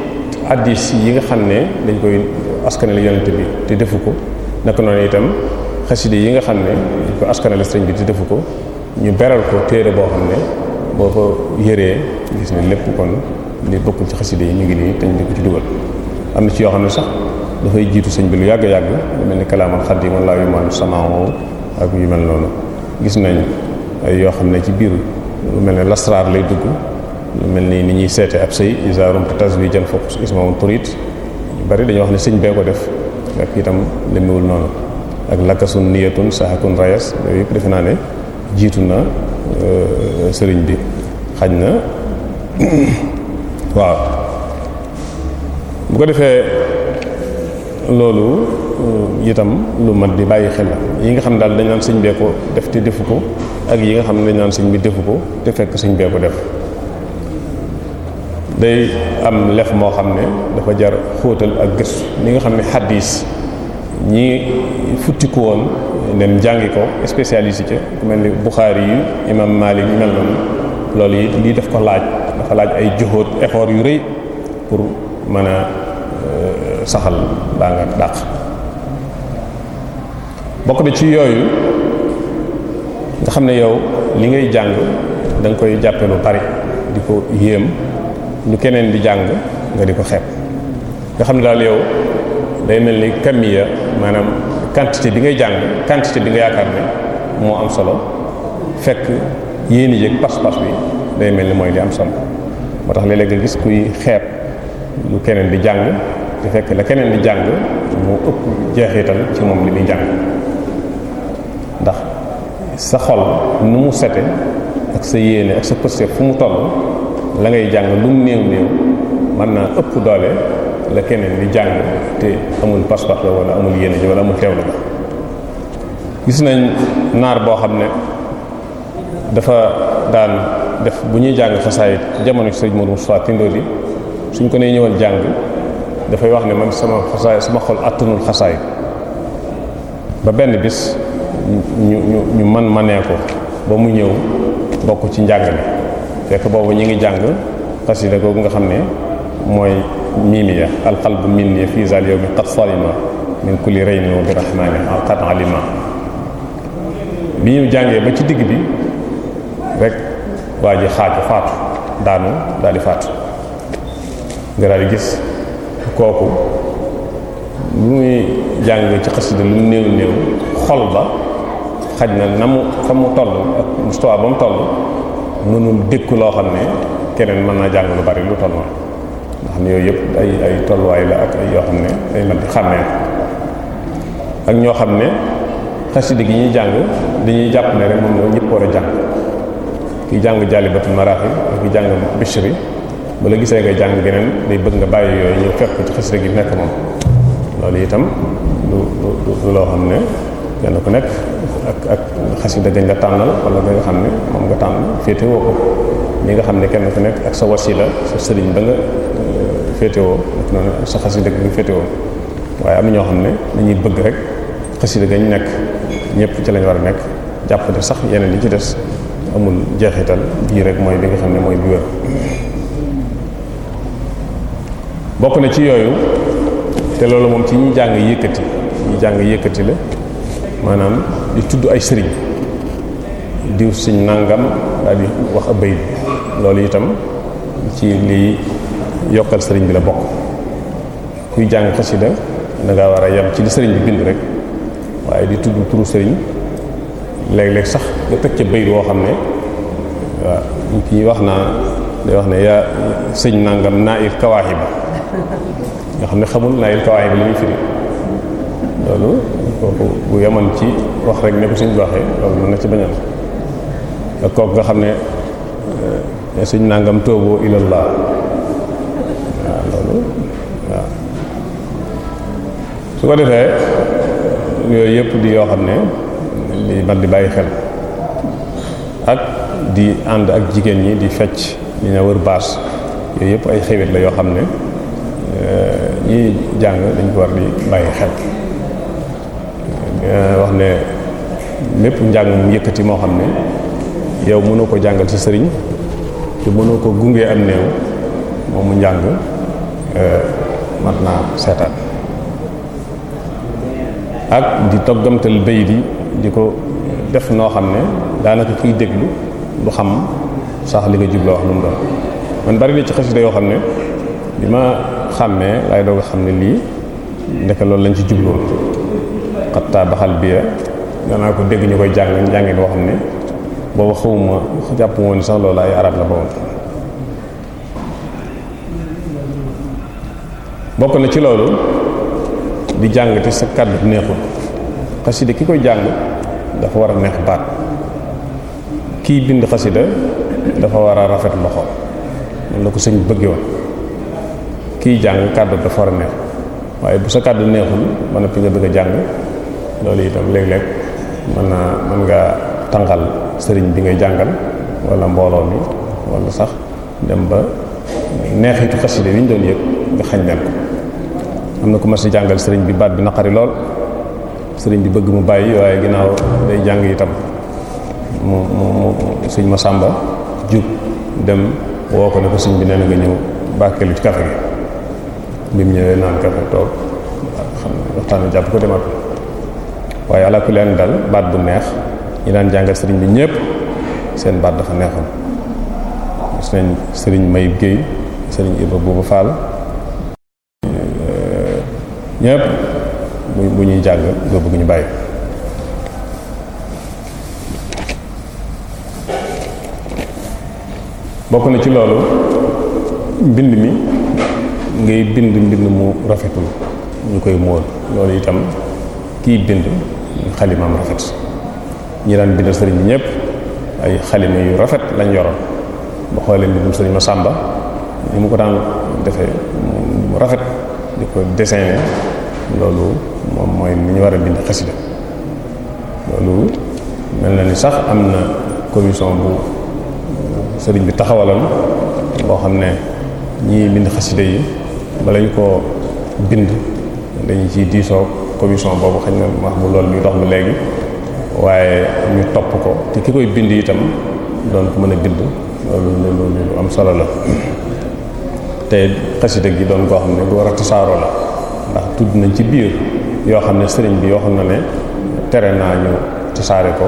addis yi nga xam ne dañ koy askanale yonent bi te defu ko naka noonu itam xasida yi nga xam ne koy askanale sëñ bi te defu ko ñu beral ko téere boo xam ne boo ko yëree gis ne lépp kon li bokkul ci xaside yi ñu ngi nii te ñu ko ci dugal am na ci yoo xam ne sax dafay jiitu sëñ bi lu yàgg yàgg lu mel ni kalaamal xaddi man laa yu maan ak yu mel noonu gis nañ yoo xam ne ci biir lu mel ne lasraar lay dugg lu mel ni ni ñuy seete ab sëy isarum tas bi jël fokk ismaam turit bari dañoo wax ne sëñ bee ko def ak itam lemiwul noonu ak lakkasun niyatun saxakun rayas yooyu yëpp defe naa ne jiitu na euh, sëriñ bi xaj na waaw bu ko defee loolu euh, itam lu mat di bàyyi xel la yi nga xam daal dañ naan sëñ bee ko def te defu ko ak yi nga xam ne dañ naan sëñ bi defu ko te fekk sëñ bee ko def day am lex moo xam ne dafa jar xóotal ak gëstu ñi nga xam ne xaddiis ñi futti ko woon dem jàngi ko spécialiste ca ku mel ni Buxaari yi imam Malik mel noonu loolu it lii daf ko laaj dafa laaj ay joxóot effort yu rëy pour mën a euh, saxal daa nga dàq bokk na ci yooyu nga xam ne yow li ngay jàng da koy jàppe lu di ko yéem lu keneen di jàng nga di ko xeeb nga xam ne daal yow day mel ni kamiya maanaam quantité bi ngay jàng quantité bi nga yaakaar ne moo am solo fekk yéeni yëg pas-pas bi day mel ni mooy di am solo moo tax léeg-léeg nga gis kuy xeeb lu keneen bi jàng te fekk la keneen bi jàng moo ëpp jeexital ci moom li muy jàng ndax sa xol nu mu sete ak sa yéene ak sa pëste fu mu toll la ngay jàng lu mu néew néew mën naa ëpp doole la keneen di jàng te amul pas-pas la wala amul yéene ji wala amul teewlu la gis nañ naar boo xam ne dafa daan def bu ñuy jàng xasaayit jamono sëñ Mourou Moustapha Tindóoli suñ ko nee ñëwal jàng dafay wax ne man sama xasaayit sama xol attanul xasaayit ba benn bis ñu ñu ñu man manee ko ba mu ñëw bokk ci njàng mi fekk boobu ñu ngi jàng xasida googu nga xam ne mooy miimiya alqalbu minni fi zal yawmi qad salima min kulli rayni wa bi rahmani qad alima bi ñu jàngee ba ci digg bi rek waa ji xaaju faatu daanu daal di faatu nga daal di gis kooku lu muy jàng ci xasida lu néew néew xol ba xaj na na mu fa mu toll ak mustawa ba mu toll mënul dékku loo xam ne keneen mën naa jàng lu bari lu toll noonu xam ne yooyu yëpp ay ay tolluwaay la ak ay yoo xam ne ay mat di xàmmee ak ñoo xam ne xasida gi ñuy jàng dañuy jàpp ne rek moom la ñëpp war a jàng ki jàng Jaalibatul Maraaxib ak ki jàng Bichri gisee nga jàng geneen day bëgg nga bàyyi yooyu ñëw fekk ci xasida gi nekk moom loolu itam lu lu loo xam ne kenn ku nekk ak ak xasida gañ nga tànnal wala nga xam ne moom nga tànn féete xam ne kenn ku nekk ak sa wasila sa sëriñ ba nga féetewoo ak na sa xasida féetewoo waaye am ñoo xam ne dañuy bëgg rek xasida gañ nekk ñépp ci lañ war a nekk jàpp sax yeneen yi ci des amul jeexital bii rek mooy bi nga xam ne mooy bi wér bokk na ci yooyu te loolu moom ci ñi jàng yëkkati ñi jàng yëkkati la maanaam di tudd ay sëriñ diw siñ nangam daal di wax ab loolu itam ci lii yokkal sëriñ bi la bokk kuy jàng xasida da nga war a yem ci li sëriñ bi bind rek waaye di tudd turu sëriñ léeg-léeg sax nga teg ca bayit woo xam ne waaw kii wax naa day wax ne yaa nangam naa il kawaaxi ba nga xam ne xamul naa il kawaaxi ba li muy firi loolu bu yeman ci wax rek ne ko sëñ bi waxee loolu na ci bañal ak kooku nga xam ne sëñ nangam tooboo ilallah su ko defee yooyu yëpp di yoo xam ne li man di bàyyi xel ak di ànd ak jigéen ñi di fecc li na wër baas yooyu yëpp ay xewit la yoo xam ne eh, ñi jàng dañ ko war di bàyyi xel eh, wax ne lépp njàng mu yëkkati moo xam ne yow mënoo ko jàngal sa sëriñ te mënoo ko gungee am néew moom mu njàng eh, mat naa seetaan ak di toggamtal bay di di ko def noo xam ne daanaka kiy déglu du xam sax li nga jubla wax lu mu doon man bari na ci xasida yoo xam ne bi ma xàmmee laay doog xam ne lii ndeke loolu lañ ci jubloon xattaa baxal biya danaa ko dégg ñu koy jàng njàngin woo xam ne booba xawuma jàpp woon sax loolu ay arab la ba bokk na ci loolu di jàng te sa kàddu neexul xasida ki koy jàng dafa war a neex baat kiy bind xasida dafa war a rafet loxo noonu la ko sëñ bëggee woon kiy jàng kàddu dafa war a neex waaye bu sa kàddu neexul ba noppi nga bëgg a jàng loolu itam léeg-léeg mën na mën nga tànqal sëriñ bi ngay jàngal walla mbooloo mi wala sax dem ba neexitu xasida wi ñu doon yëg nga xañ leen ko am na ku mas jàngal sëriñ bi baat bi naqari lool sëriñ bi bëgg mu bàyyi waaye ginnaaw day jàng itam mu mu mu sëñ ma sàmba jub dem woo ko ne ko sëñ bi nee nga ñëw bàkkeelu ci kafe gi bi ñëwee naan kafe toog xam waxtaan jàpp ko demaat waaye ala dal baat bu neex ñi daan jàngal sëriñ bi ñëpp seen baat dafa neexoon gis nañ sëriñ Mayib Guèye sëriñ Iba Bouba Fall ñépp bu ñuy jàng nga bëgg ñu bàyyi bokk na ci loolu mbind mi ngay bind mbind mu rafetul ñu koy móol loolu itam kiy bind xalimaam rafet ñi daan bindal sëriñ bi ñëpp ay xalima yu rafet lañ yoroon ba xoolee mbindum sëriñ ma sàmba ni mu ko daan defee mu rafet di ko dessiné loolu moom mooy mi ñu war a bind xasida loolu mel na ni sax am na commission bu sëriñ bi taxawalal boo xam ne ñii bind xasida yi bala ko bind dañu ciy diisoo commission boobu xëy na wax bu loolu bi dox bu léegi waaye ñu topp ko te ki koy bind itam doon ko mën a bind loolu loolu lu am solo la te xasida gi doon koo xam ne du war a la ndax tudd nañ ci biir yoo xam ne sëriñ bi yoo xam ne tere naa ñu tasaare ko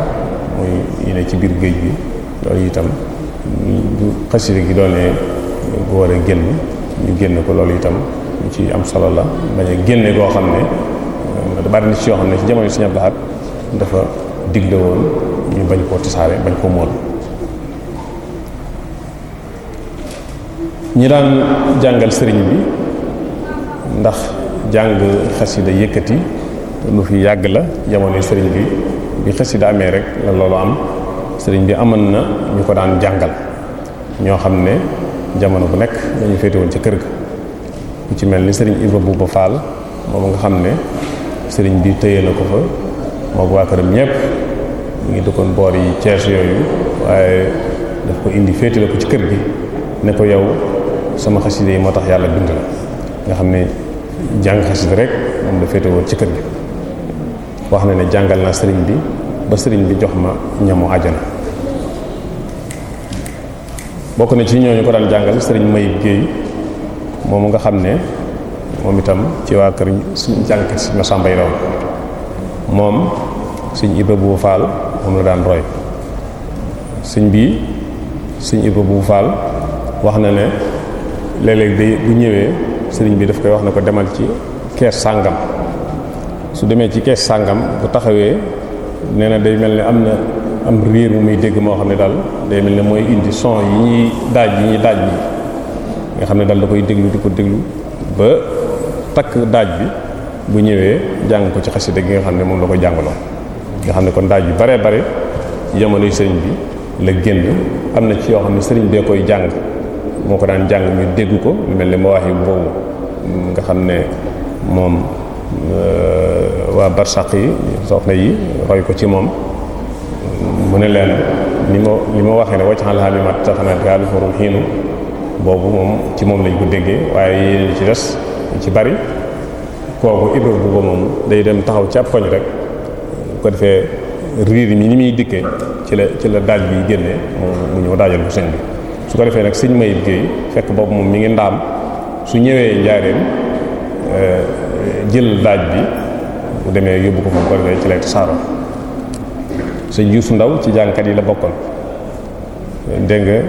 muy yi ci biir géej bi loolu itam bu xasida gi doonee bu war a génn ñu génn ko loolu itam ñu ci am solo la bañ a génne goo xam ne euh, bari na ci yoo xam ne ci jamono Sëriñ Abdou Lahad dafa digle woon ñu bañ koo tasaare bañ koo mool ñi daan jàngal sëriñ bi ndax jàng xasida yëkkati lu fi yàgg la jamono sëriñ bi bi xasida amee rek la loolu am sëriñ bi amoon na ñu ko daan jàngal ñoo xam ne jamono bu nekk dañu féete woon ca kër ga ku ci mel ni sëriñ Ibra ba Faal moom nga xam ne sëriñ bi tëye na ko fa moog waa këram ñëpp mu ngi dëkkoon boor yi Cees yooyu waaye daf ko indi féete la ko ci kër gi ne ko yow sama xasida yi moo tax yàlla bind la nga xam ne jàng xasida rek moom la féete ci kër gi wax na ne jàngal naa sëriñ bi ba sëriñ bi jox ma ñamu ajana bokk na ci ñooñu ko daan jàngal sëriñ Mayib Géey moom nga xam ne moom itam ci waa kër suñu jàngkat si Masamba Yoro moom suñ Ibra bu Faal moom la daan roy suñ bii suñ Ibra bu Faal wax na ne léeg-léeg day bu ñëwee sëriñ bi daf koy wax na ko demal ci kees sàngam su demee ci kees sàngam bu taxawee nee na day mel ne am na am riir mu muy dégg moo xam ne daal day mel ne mooy indi son yi ñuy daaj bi ñuy daaj bi nga xam ne daal da koy déglu di ko déglu ba takk daaj bi bu ñëwee jàng ko ci xasida dëgg nga xam ne moom la ko jàngaloo nga xam ne kon daaj bi bare bare jamonoy sëriñ bi la génn am na ci yoo xam ne sëriñ bee koy jàng moo ko daan jàng ñu dégg ko mel ne ma nga xam ne moom euh, waa barsaq yi soxna yi roy ko ci moom mu ne leen ni ma li ma waxee ne waccaxalaxaa bi mat taxanaat gaa lu forum xiinu boobu moom ci moom lañ ko déggee waaye yéen ci des ci bari kooku ibra bu ko moom day dem taxaw ci ab koñ rek ko defee riir mi ni muy dikkee ci la ci la daaj bi génnee mu ñëw daajal ko sëñ bi su ko defee nag sëñ may Géey fekk boobu moom mi ngi ndaam su ñëwee njaareem euh, jël daaj bi bu demee yóbbu ko fa ko defee ci lay tasaaroo sëñ Yuusu Ndaw ci jàngkat yi la bokkoon dégg nga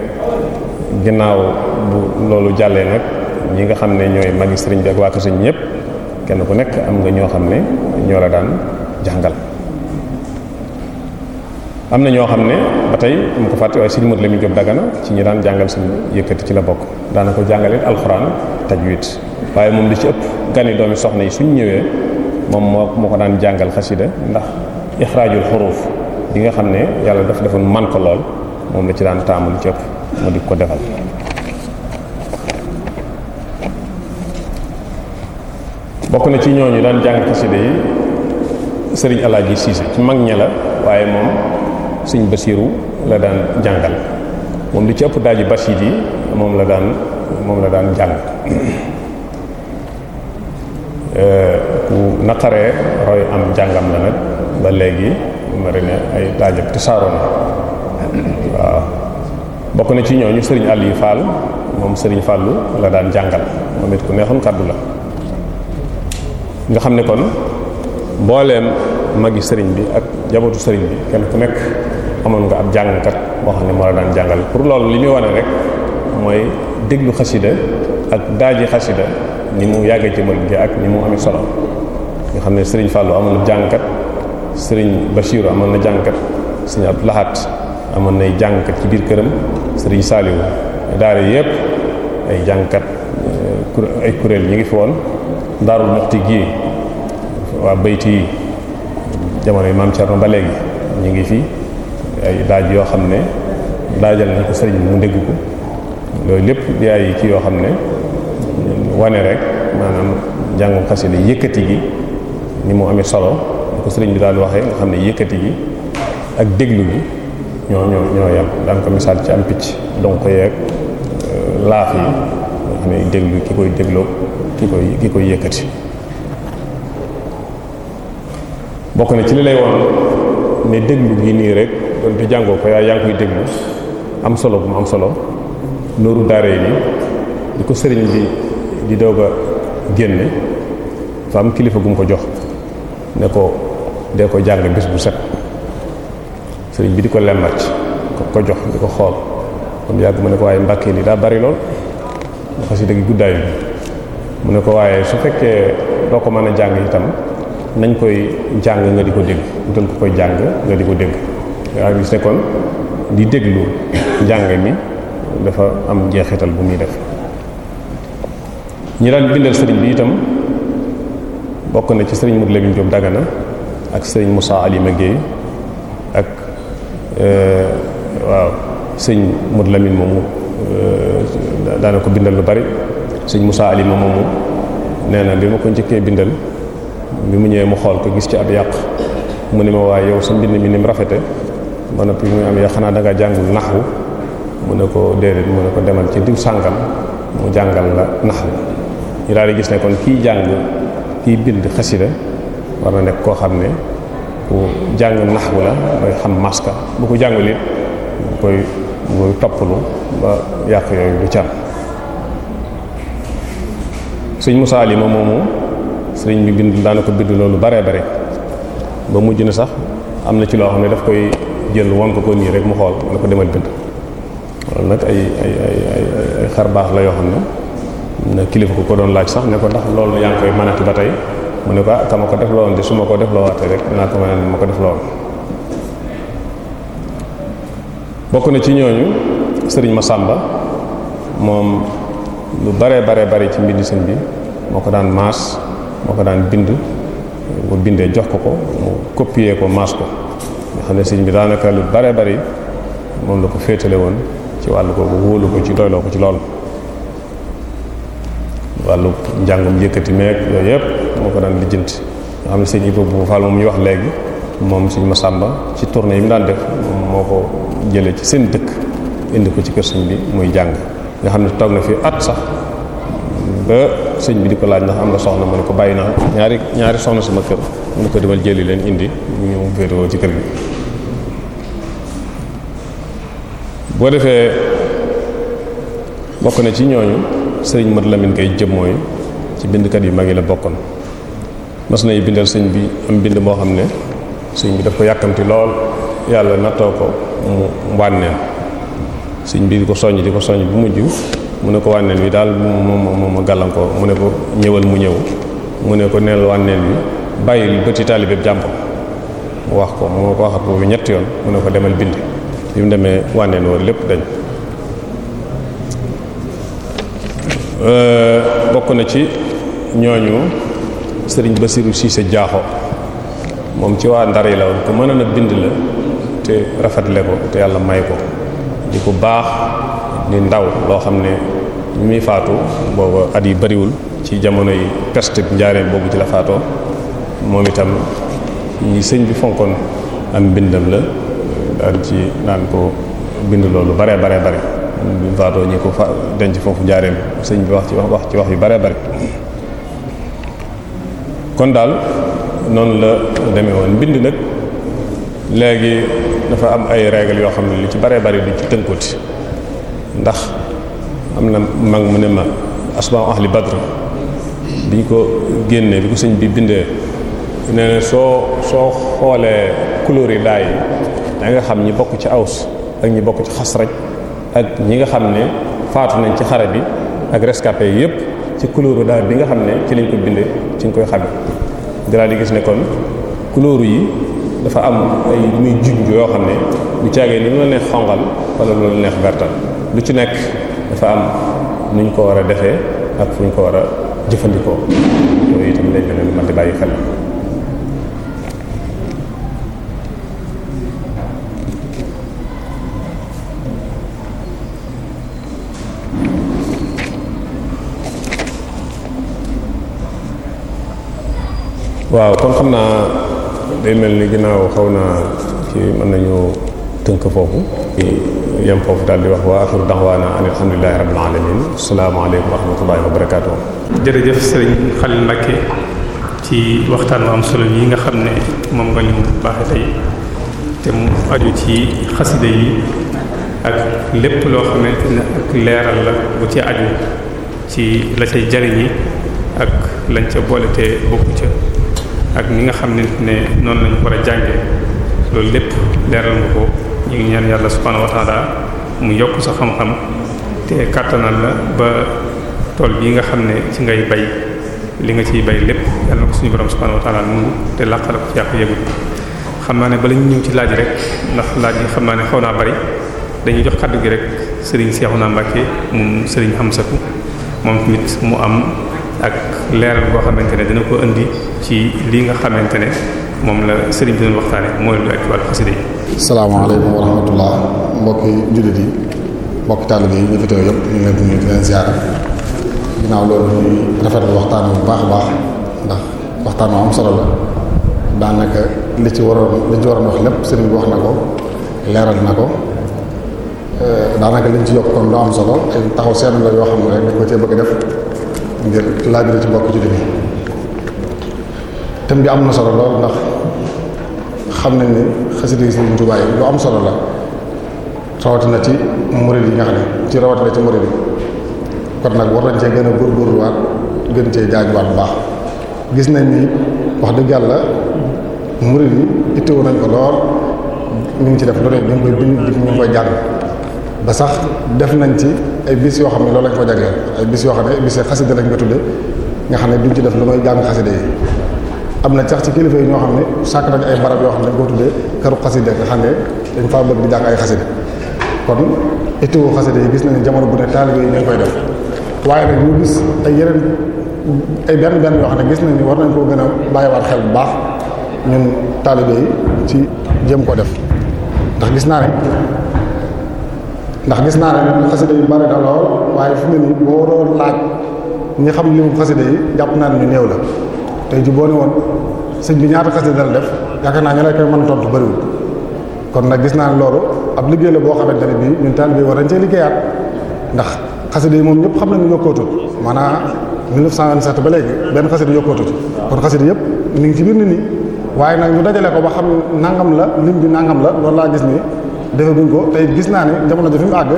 ginnaaw bu loolu jàllee nag ñi nga xam ne ñooy magi sëriñ bi ak waa kër sëñ ñëpp kenn ku nekk am nga ñoo xam ne ñoo la daan jàngal am na ñoo xam ne ba tey mu ko fàtte waaye sëñ Modou Lamine Diop Dagana ci ñi daan jàngal suñu yëkkati ci la bokk daanako ko jàngaleen alxuraan tajwid waaye moom li ci ëpp gani doomi soxna yi suñ ñëwee moom moo moo ko daan jàngal xasida ndax ixraajul xuruuf yi nga xam ne yàlla daf defoon man ko lool moom la ci daan taamu li ci ëpp mu di ko defal bokk na ci ñooñu daan jàng xasida yi sëriñ Alaaji Siise ci mag ña la waaye moom sëñ Basiiru la daan jàngal moom lu ci ëpp daaju basiit yi moom la daan moom la daan jàng ku naqaree roy am jàngam la nag ba léegi mari ne ay daajab tasaaroo na waaw bokk na ci ñooñu sëriñ Aliou Fall moom sëriñ Fallu la daan jàngal moom it ku neexoon kàddu la nga xam ne kon mbooleem magi sëriñ bi ak jabootu sëriñ bi kenn ku nekk amoon nga ab jàngkat boo xam ne moo la daan jàngal pour loolu li muy wane rek mooy déglu xasida ak daaji xasida ni mu yàggee ci murid ak ni mu amee solo nga xam ne sëriñ Fallou amoon na sëriñ Bachirou amoon na jàngkat sëriñ Abdou Lahad amoon nay jàngkat ci biir këram sëriñ Saliou daara yëpp ay jàngkat euh, ay kuréel ñi ngi fi woon gi waa bayti jamono yi maam ba léegi ñu ngi fi. ay laaj yoo xam ne laajal nañ ko sëriñ mu dégg ko loolu lépp di yi ci yoo xam ne wane rek maanaam jàngu xasida yëkkati gi ni mu amee solo ni ko sëriñ bi daan waxee nga xam ne yëkkati gi ak déglu gi ñoo ñoo ñoo yem daan ko misaal ci am picc donc ko yeeg euh, laaf yi nga xam ci li lay woon ne déglu gi nii rek donte jàngoo ko yaa yaa ngi koy déglu am solo bu mu am solo nooru daare yi di ko sëriñ bi di doog a génne fa am kilifa gum ko jox ne ko dee ko jàng bés bu bi di ko lemmat ko jox ko xool kon yàgg mu ne ko waaye mbàkkee li daa bari lool xasida gi guddaayu mu ne ko waaye su fekkee doo ko mën a jàng itam nañ koy jàng nga di ko dégg utal ko koy jàng nga di ko dégg nga gis ne kon di déglu njàng mi dafa am jeexital bu muy def ñi daan bindal sëriñ bi itam bokk na ci sëriñ Modou Lamine Diop Dagana ak sëriñ Moussa Alima Guèye ak euh, waaw sëñ Modou Lamine moomu euh, daana bindal lu bari sëñ musaa Alima moomu nee na bi ma ko njëkkee bindal bi mu ñëwee mu xool ko gis ci ab yàq mu ne ma waaye yow sa mbind mi ni mu rafete ba noppi mu am yow xanaa da nga jàngul naxwu mu ne ko déedéet mu ne ko demal ci diw sàngam mu jàngal la naxwu ñu daal di gis ne kon kii jàng kii bind xasida war nekk koo xam ne ku jàng naxwu la mooy xam maska bu ko jàngul it bu koy bu koy toppalu ba yàq yooyu du cam sëñ Musaa Alima moomu sëriñ bi bind daana ko bind loolu baree bare ba mujj na sax am na ci loo xam ne daf koy jël won ko ko nii rek mu xool mu ne ko demal bind loolu nag ay ay ay ay xar baax la yoo xam ne na kilifa ko ko doon laaj sax ne ko ndax loolu yaa ngi koy manati ba tey mu ne ko ah ko def loon de su ma ko def loo waatee rek dinaa ko mën ma bokk na ci ñooñu sëriñ ma sàmba moom lu bare bare bari ci mbind sëñ bi moo ko daan maas moo ko daan bind bu bindee jox ko ko mu copier ko maas ko xam ne sëñ bi daanaka lu bare bari moom la ko féetale woon ci wàllu ko wóolu ko ci doyloo ko ci lool wàllu njàngum yëkkati meek yooyu yëpp moo ko daan lijjanti nga xam ne sëñ Ibou bu Fall moom wax léegi moom sëñ Masamba ci tournée yi mu daan def moo ko jëlee ci seen dëkk indi ko ci kër sëñ bi muy jàng nga xam ne toog na fi at sax ba bi di ko laaj ndax am na soxla mu ne ko bàyyi naa ñaari ñaari soxna sama kër mu ne ko demal jëli leen indi ñu féetewoo ci kër gi boo defee bokk na ci ñooñu sëriñ Mat Lamin Gay jëm mooy ci bindkat yu mag yi la bokkoon mas na yi bindal sëñ bi am bind moo xam ne sëñ bi daf ko yàkkamti lool yàlla nattoo ko mu wànneen sëñ bi di ko soññ di ko soññ bu mujj mu ne ko wànneen wi daal moom moom ma gàllankoor mu ne ko ñëwal mu ñëw mu ne ko neel wànneen bi bàyyil bëti taalibeeb jàmbur mu wax ko mu nga ko waxat boobu ñett yoon mu ne ko demal bind bi mu demee wànneen woon lépp dañ euh, bokk na ci ñooñu sëriñ Basiru Siise Jaaxo moom ci waa Ndar yi la woon ko mënoon a bind la te rafetle ko te yàlla may ko di ko baax di ndaw loo xam ne muy faatu booba at yi bariwul ci jamono yi peste njaareen boobu ci la faatoo moom itam ñi sëñ bi fonkoon am mbindam la daal ci naan ko bind loolu bare bare bare bi faatoo ñi ko fa denc foofu jaareem sëñ bi wax ci wax ci wax yu bare bare kon daal noonu la demee woon mbind nag léegi dafa am ay règle yoo xam ne li ci bare bare du ci tënkooti ndax am na mag mu ne ma asbaa ahli bi ñu ko génnee bi ko sëñ bi bindee nee soo soo xoolee couleur yi daay da nga xam ñi bokk ci aws ak ñi bokk ci xasraj ak ñi nga xam ne faatu nañ ci xare bi ak rescapé yépp ci couleur daal bi nga xam ne ci lañ ko bindee ci nga koy xamee daal di gis ne kon yi dafa am ay muy junj yoo xam ne du caagee ni mu la neex xongal wala lu la neex bertal lu ci nekk dafa am nuñ ko war a defee ak fu ñu ko war a jëfandikoo yooyu itam day beneen man di bàyyi xel waaw kon xam naa day mel ni ginnaaw xaw naa ci mën nañu tënk foofu yem foofu daal di wax waa axiru daxwaana an alhamdulilahi rabbil alamin asalaamaaleykum wa rahmatullahi wa barakatuh jërëjëf sëriñ Xalil Mbàkke ci waxtaan bu am solo yi nga xam ne moom nga ñu baax tey te mu aju ci xasida yi ak lépp loo xam ne ak leeral la bu ci aju ci la cay jariñi ak lañ ca boole te bokku ca ak ni nga xam ne ne noonu lañu war a jànge loolu lépp leeral nga ko ñu ngi ñaan yàlla subhaanahu wa mu yokk sa xam-xam te kàttanal la ba tool bii nga xam ne ci ngay bay li nga ciy bay lépp yàlla na ko suñu borom subhaanahu wa ta'ala te làqal ko ci yàq yëgul xam naa ne ba ñu ñëw ci laaj rek ndax laaj yi xam naa ne xaw naa bari dañuy jox kàddu gi rek sëriñ Seexuna Mbàkke mu sëriñ Hamsatu moom tamit mu am ak leeral boo xamante ne dina ko indi ci lii nga xamante ne moom la sëriñ bi doon waxtaane mooy lu ak wàllu xasida yi. salaamaaleykum wa rahmatullah mbokki jullit yi mbokki taalibe yi ñu fi teew di nuyu di leen loolu ñuy rafetlu waxtaan bu baax a baax ndax waxtaan am solo la daanaka li ci waroon li ci waroon wax lépp sëriñ bi wax na ko leeral na ko. daanaka liñ ci yokk kon lu am solo ay taxaw seen la yoo xam ne rek dañ ko cee bëgg def ngir a ci mbokk jullit yi thème bi am na solo lool ndax xam nañ ne xasida yi Sëriñ am solo la rawatina ci murid yi ñax xam ci rawatina ci murid yi kon nag war nañ cee gën a góorgóorluwaat gën cee jaajuwaat bu baax gis nañ ni wax dëgg yàlla murid yi itteewu nañ ko lool ñu ngi ci def lu ne ñu ngi koy bind ba sax def nañ ci ay bis yoo xam ne loolu lañ ko jagleel ay bis yoo xam ne bis xasida lañ ko tudde nga xam ne duñ ci def lu may jàng xasida yi am na sax ci kilifa yi ñoo xam ne sàkk nañ ay barab yoo xam ne dañ ko tuddee këru xasida nga xam ne dañ faa bëgg di jàng ay xasida kon ittiwu xasida yi gis nañu jamono bu ne taalibe yi ñu koy def waaye nag ñu gis ay yeneen ay benn benn yoo xam ne gis nañu war nañ koo gën a bàyyiwaat xel bu baax ñun taalibe yi ci jëm ko def ndax gis naa ne ndax gis naa ne xasida yu bari na lool waaye fu mu ne nii boo doon laaj ñi xam li mu xasida yi jàpp naa ne ñu new la te ji boo ne woon sëñ bi ñaata xasida la def yaakaar naa ñu ne koy mën tontu bëriwul kon nag gis naa ne loolu ab liggéey la boo xamante ne bii ñu ñun taalibe war nañ cee liggéeyaat ndax xasida yi moom ñëpp xam nañu yokkootu maanaam 1927 ba léegi benn xasida yokkootu ci kon xasida yëpp ñu ngi ci biir nit ñi waaye nag ñu dajale ko ba xam nangam la lim bi nangam la loolu laa gis ni defaguñ ko te gis naa ne jamono ji fi mu àgg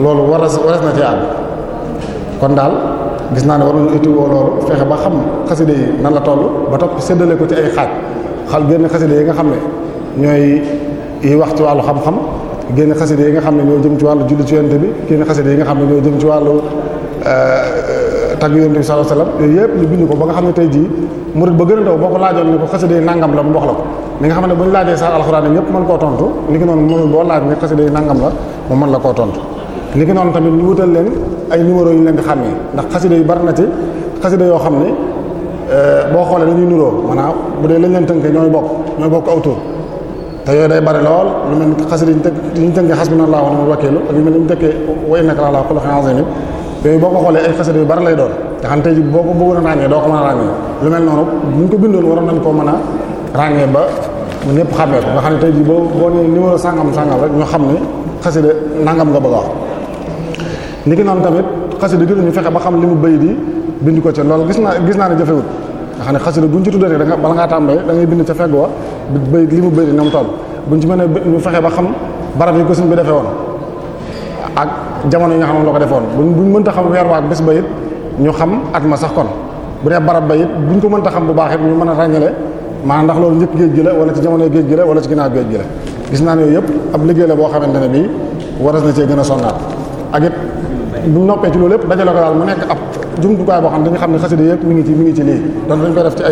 loolu waras waras na ci àgg kon daal gis naa ne war nañu ittiwoo loolu fexe ba xam xaside yi nan la toll ba topp séddale ko ci ay xaaj xal génn xaside yi nga xam ne ñooy yi wax ci wàllu xam-xam génn yi nga xam ne jëm ci wàllu julli ci yonent bi génn xaside yi nga xam ne ñoo jëm ci wàllu euh, tagg yonent bi sallallahu alayhi wasallam yooyu yëpp ñu bind ko ba nga xam ne tey jii murid ba gën a ndaw boo ko laajoon ne ko xaside yi nangam la mu wax la ko li nga xam ne bu ñu laajee saar alxuraan yi mën koo tontu li ki noonu mënul boo laaj ne xasida yi nangam la mu mën la koo tontu li ki noonu tamit ñu wutal leen ay numéro leen di xàmmee ndax xasida yu bari na ci xasida yoo xam ne euh, boo xoolee dañuy nuroo maanaam bu dee lañ leen tënkee ñooy bokk ñooy bokk aw tur te yooyu lool lu mel ni xasida ñu tënkee xasbunallaahu wa ni'mal wakiil ak yu mel ni ñu tëkkee wa innaka la'alaa ko bari lay doon nga xam tey ji boo ko bëggoon a ràññee doo ko mën a ràññee lu mel noonu a ba mu ñëpp xàmmee ko nga xam ne tey jii boo boo nee numéro sangam sangam rek ñu xam ne xasida nangam nga bëgg a wax ni ki noonu tamit xasida gi ñu fexe ba xam li mu bay di bind ko ca loolu gis naa gis naa ne jafewut nga ne xasida buñ ci tuddee da nga bala ngaa tàmbalee da ngay bind ca fegg wa mu bay na mu toll buñ ci mënee ñu fexe ba xam barab yi ko suñ bi defee woon ak jamono yi nga xam ne la ko defoon buñ buñ mënta xam weer waak bés ba it ñu xam at ma sax kon bu dee barab ba it buñ ko mënta xam bu baax it ñu mën a ràññale maanaam ndax loolu njëkk géej gi la wala ci jamono géej gi la wala ci ginnaaw géej gi la gis naa ne yooyu yëpp ab liggéey la boo xamante ne bii waras na a sonnaat ak it bu noppee ci loolu yëpp dajale ko daal mu nekk ab jumtukaay boo xam dañu xam ne xasida yëpp mi ngi ci mi ngi ci lii donc dañ koy def ci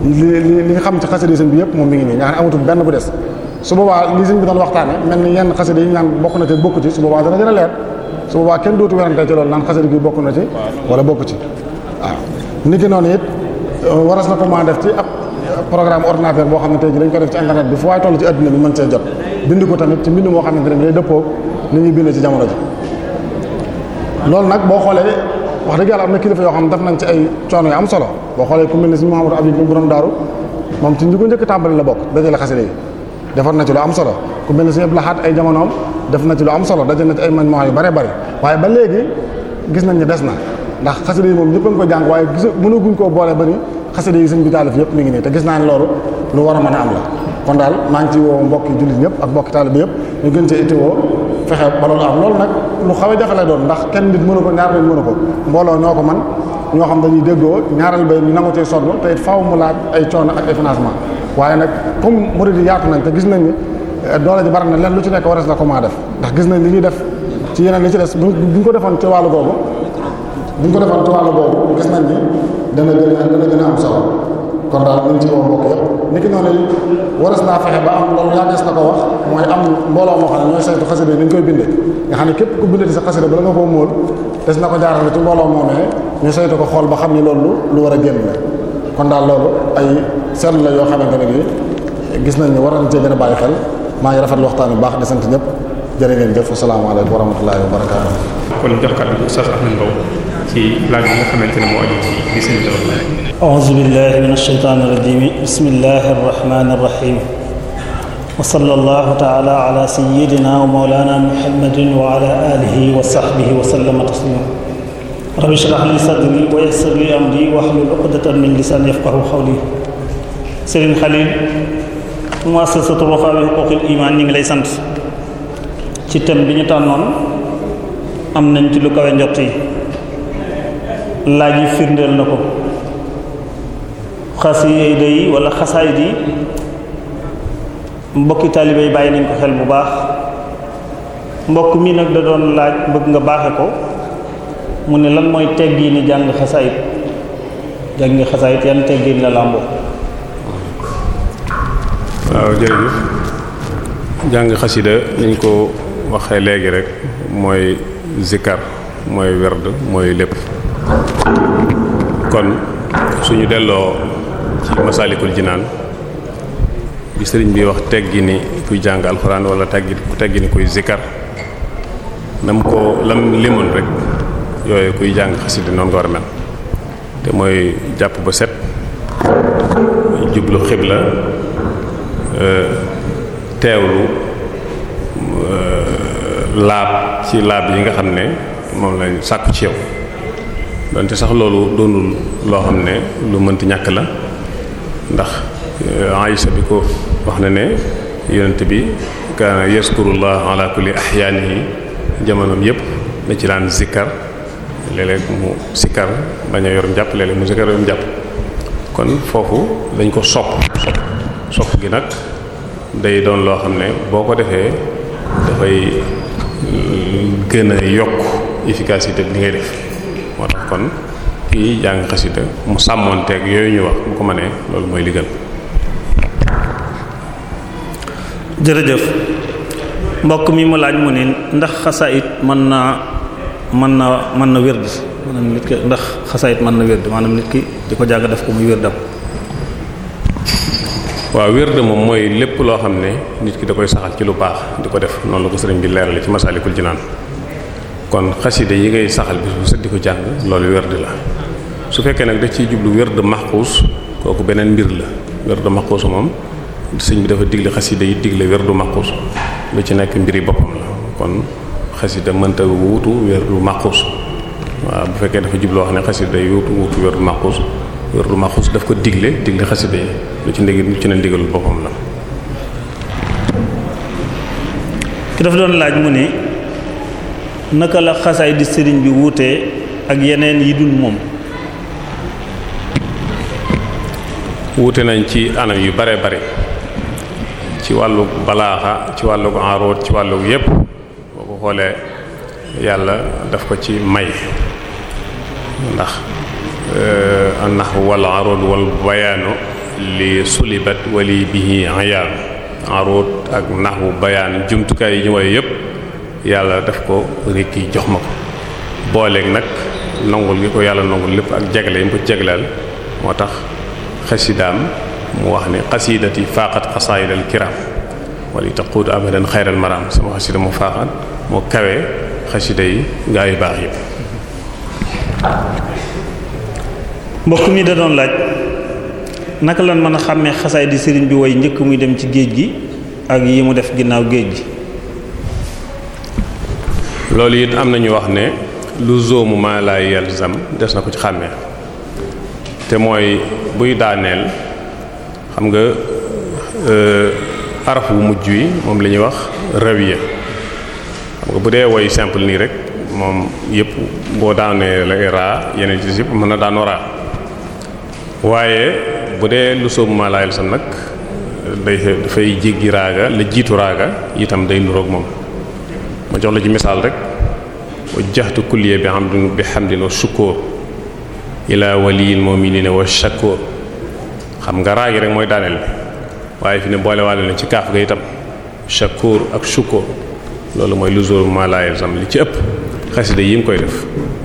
ne li nga xam ci xasida sëñ bi yëpp moom mi ngi nii nga amatul benn bu des su boobaa li sëñ bi doon waxtaane mel ni yenn xasida naan bokk na te bokk ci su boobaa dana gën a leer su boobaa kenn dootu werante ci loolu naan xasida gi bokk na ci wala bokk ci waaw niki noonu it Euh, waras na ko maa def ci ab programme ordinateur boo xam ne tey dañ ko def ci internet bi foo waay toll ci adduna bi mën see jot bind ko tamit ci mbind moo xamante ne day dëppoo ñuy bind ci jamono ji loolu nag boo xoolee wax dëgg yàlla am na kilifa yoo xam ne def nañ ci ay coono yu am solo boo xoolee ku mel ne si Mouhamadou Abib bu borom daaru moom ci ñi ko njëkk tàmbali la bokk dajale xasida yi defar na ci lu am solo ku mel ne si Abdou Lahad ay jamonoom def na ci lu am solo dajale na ci ay man yu bare bare waaye ba léegi gis nañ ne des na ndax xasida yi moom ñëpp a ngi ko jàng waaye gis mënaguñ koo boole ba ni xasida yi sëñ taalif yëpp mi ngi nii te gis naa ne loolu lu war a mën a am la kon daal maa ngi ci woo mbokki jullit ñëpp ak mbokki taalib yëpp ñu gën cee ittiwoo fexe ba loolu am loolu nag lu xaw a jafe la doon ndax kenn nit mënu ko ñaar nit mënu ko mbooloo ñoo ko man ñoo xam dañuy déggoo ñaaral bay ñu nangu cee sonn te it faaw mu laaj ay coono ak ay financement waaye nag comme murid yi yaatu gis nañ eh, doole ji na leen lu ci nekk warees na ko maa def ndax gis nañ li ñuy def ci yeneen li ci des buñ ko defoon ci wàllu googu bu ñu ko defal ci wàllu boobu gis nañ ni dana gën a dana gën a am solo kon daal ñu ngi ci woo mbokk yëpp ni ki noonu waras naa fexe ba am loolu yàggees na ko wax mooy am mbooloo moo xam ne ñooy saytu xasida yi ni ñu koy bindee nga xam ne képp ku bindati sa xasida bala nga koo móol des na ko jaarale ci mbooloo moomee ñu saytu ko xool ba xam ni loolu lu war a génn la kon daal loolu ay seetlu la yoo xamante ne bi gis nañ ni war nañ cee gën a bàyyi xel maa ngi rafetlu waxtaan bu baax di sant ñëpp jërë ngeen jëf asalaamaaleykum wa rahmatullahi wa barakaatu kon jox kàddu gi Oustaz Ahmed Mbow ci laaj bi nga xamante ne moo aju ci bisimilah. auzu billahi min ashaytaani rajim bismillahi rahmaani rahim wa sallallahu taala ala sayyidina wa mawlana muhammadin wa ala alihi wa sahbihi wa sallama taslima rabbi shrah li sadri wa yassir li amri wahlul uqdatan min lisani yafqahu qawli Sëriñ Xalil muassasatu Wafa bi huquqil iman ñi ngi lay sant ci thème bi ñu tànnoon am nañ ci lu kawe njort yi laaj yi firndeel na ko xasida yi walla xasaayid yi mbokki taalibe yi bàyyi nañ ko xel bu baax mbokk mi nag da doon laaj bëgg nga baaxe ko mu ne lan mooy teggi ni jàng xasaayid jàng nga xasaayid yan teggi la làmboo waaw jërëjëf jàng xasida niñ ko waxee léegi rek mooy zikkar mooy werd mooy lépp kon suñu delloo ci masaalikul jinaan bi sëriñ bi wax teggi ni kuy jàng alxuraan wala teggi teggi ni kuy zikkar nam ko lam limoon rek yooyu kuy jàng xasida noonu nga war a mel te mooy jàpp ba set jublu xibla euh, teewlu euh, laab ci laab yi nga xam ne moom lañ sàkku ci yow donte sax loolu doonul loo xam ne lu mënt ñàkk la ndax euh, Aïsa bi ko wax na ne yonent bi kaana yaskurullah ala kulli ahyaanihi jamonoom yépp da ci daan zikkar léeg-léeg mu sikkar bañ yor njàpp léeg mu sikkar yor njàpp kon foofu dañ ko sopp sopp sopp gi nag day doon loo xam ne boo ko defee dafay gën a yokk efficacité bi ngay def moo tax kon ki jàng xasida mu sàmmoonteeg yooyu ñu wax bu ko ma mënee loolu mooy li gën jërëjëf mbokk mi mu laaj mu ne ndax xasaayit mën naa mën na mën na wérdi maanaam nit ki ndax xasaayit mën na wérdi maanaam nit ki di ko jàgg def ko muy wérdam waaw wérde moom mooy lépp loo xam ne nit ki da koy saxal ci lu baax di ko def noonu la ko sëriñ bi leerale ci Masaalikul Jinaan kon xasida yi ngay saxal bis bu set jàng loolu werd la su fekkee nag da ciy jublu werd maxquus kooku beneen mbir la werd maxquus moom sëñ bi dafa digle xasida yi digle werdu maxquus lu ci nekk mbiri boppam la kon xasida mënta wuutu werdu maxquus waaw bu fekkee dafa jubloo wax ne xasida yi wuutu wuutu werdu maxquus daf ko digle digle xasida yi lu ci ndigi lu ci ne ndigalul boppam la ki dafa doon laaj mu ni naka la xasaay di sëriñ bi wuutee ak yeneen yi dul moom wuute nañ ci anam yu bare bare ci wàllu balaaxa ci wàllu enroot ci wàllu yépp boo ko xoolee yàlla daf ko ci may ndax euh, annax walla enroot wal bayaanu li sulibat wali bihi ayaanu enroot ak nax bu bayaan jumtukaay yi ñu woy yépp yàlla daf ko rekki jox ma ko booleeg nag nangul gi ko yàlla nangul lépp ak jagle yi mu ko moo tax xasidaam mu wax ni xasidati faaqat xasaayidal kiram wala taquudu abadan xayral maram sama xasida mu faaxat moo kawee xasida yi gaa yu baax yëpp mbokk mi da doon laaj naka lan mën a xàmmee xasaay di sëriñ bi way njëkk muy dem ci géej gi ak yi mu def ginnaaw géej gi loolu it am na nañu wax ne lu zoomu maa laa yalzam des na ko ci xàmmee te mooy buy daaneel xam nga euh, araf bu mujj wi moom la ñuy wax rawiya xam nga bu dee woy simple nii rek moom yëpp boo daanee la raa yeneen ci yëpp mën na daanoo waaye bu dee lu soobu maa laa yalzam nag day dafay jéggi raaga la jiitu raaga itam day nuroog moom ma jox la ci misaal rek wajjahtu kulliya bi xam hamdin bi hamdin wa shukur ila waliyil mu'minina wa shakur xam nga raa gi rek mooy daaneel bi waaye fi ne boole waale na ci kaaf ga itam shakur ak shukur loolu mooy luzur ma la yalzam li ci ëpp xasida yi nga koy def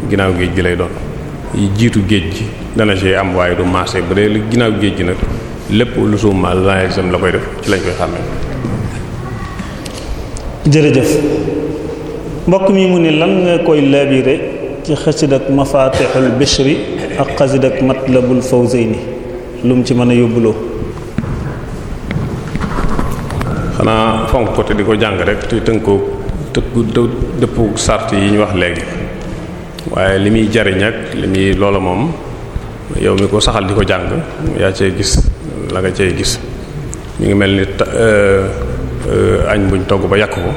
ginnaaw géej gi lay doon yi jiitu géej gi dana ci am waaye du marché bu dee ginnaaw géej gi nag lépp luzur ma la yalzam la koy def ci lañ koy xàmmee jërëjëf mbokk mi mu ni lan nga koy labiré ci xasid ak mafatixul bichri ak xasid ak matlabul fawzayni lu mu ci mën a yóbbuloo xanaa fonk ko te di ko jàng rek te tënkoo tëkku dëppu sart yi ñu wax léegi waaye li muy jariñ ak li muy loola moom yow mi ko saxal di ko jàng yaa cee gis la nga cee gis mi ngi mel ni euh, euh, añ buñ togg ba yàq ko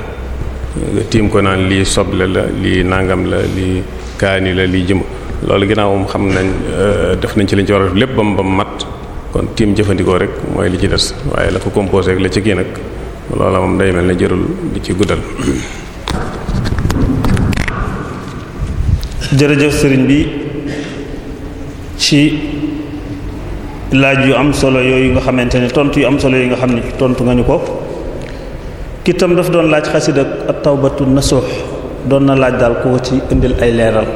tiim ko naan lii soble la lii nangam la lii kaani la lii jëm loolu ginnaaw moom xam nañ euh, def nañ ci liñ ci war a lépp ba mu mat kon tiim jëfandikoo rek mooy li ci des waaye la ko composé la ci kii nag loola moom day mel ne jërul di ci guddal. jërëjëf sëriñ bi ci laaj yu am solo yooyu nga xamante ne tontu yu am solo yi nga xam ne tontu nga ñu ko. kitam dafa doon laaj xasida ak tawbatu nasuux doon na laaj daal koo ci indil ay leeral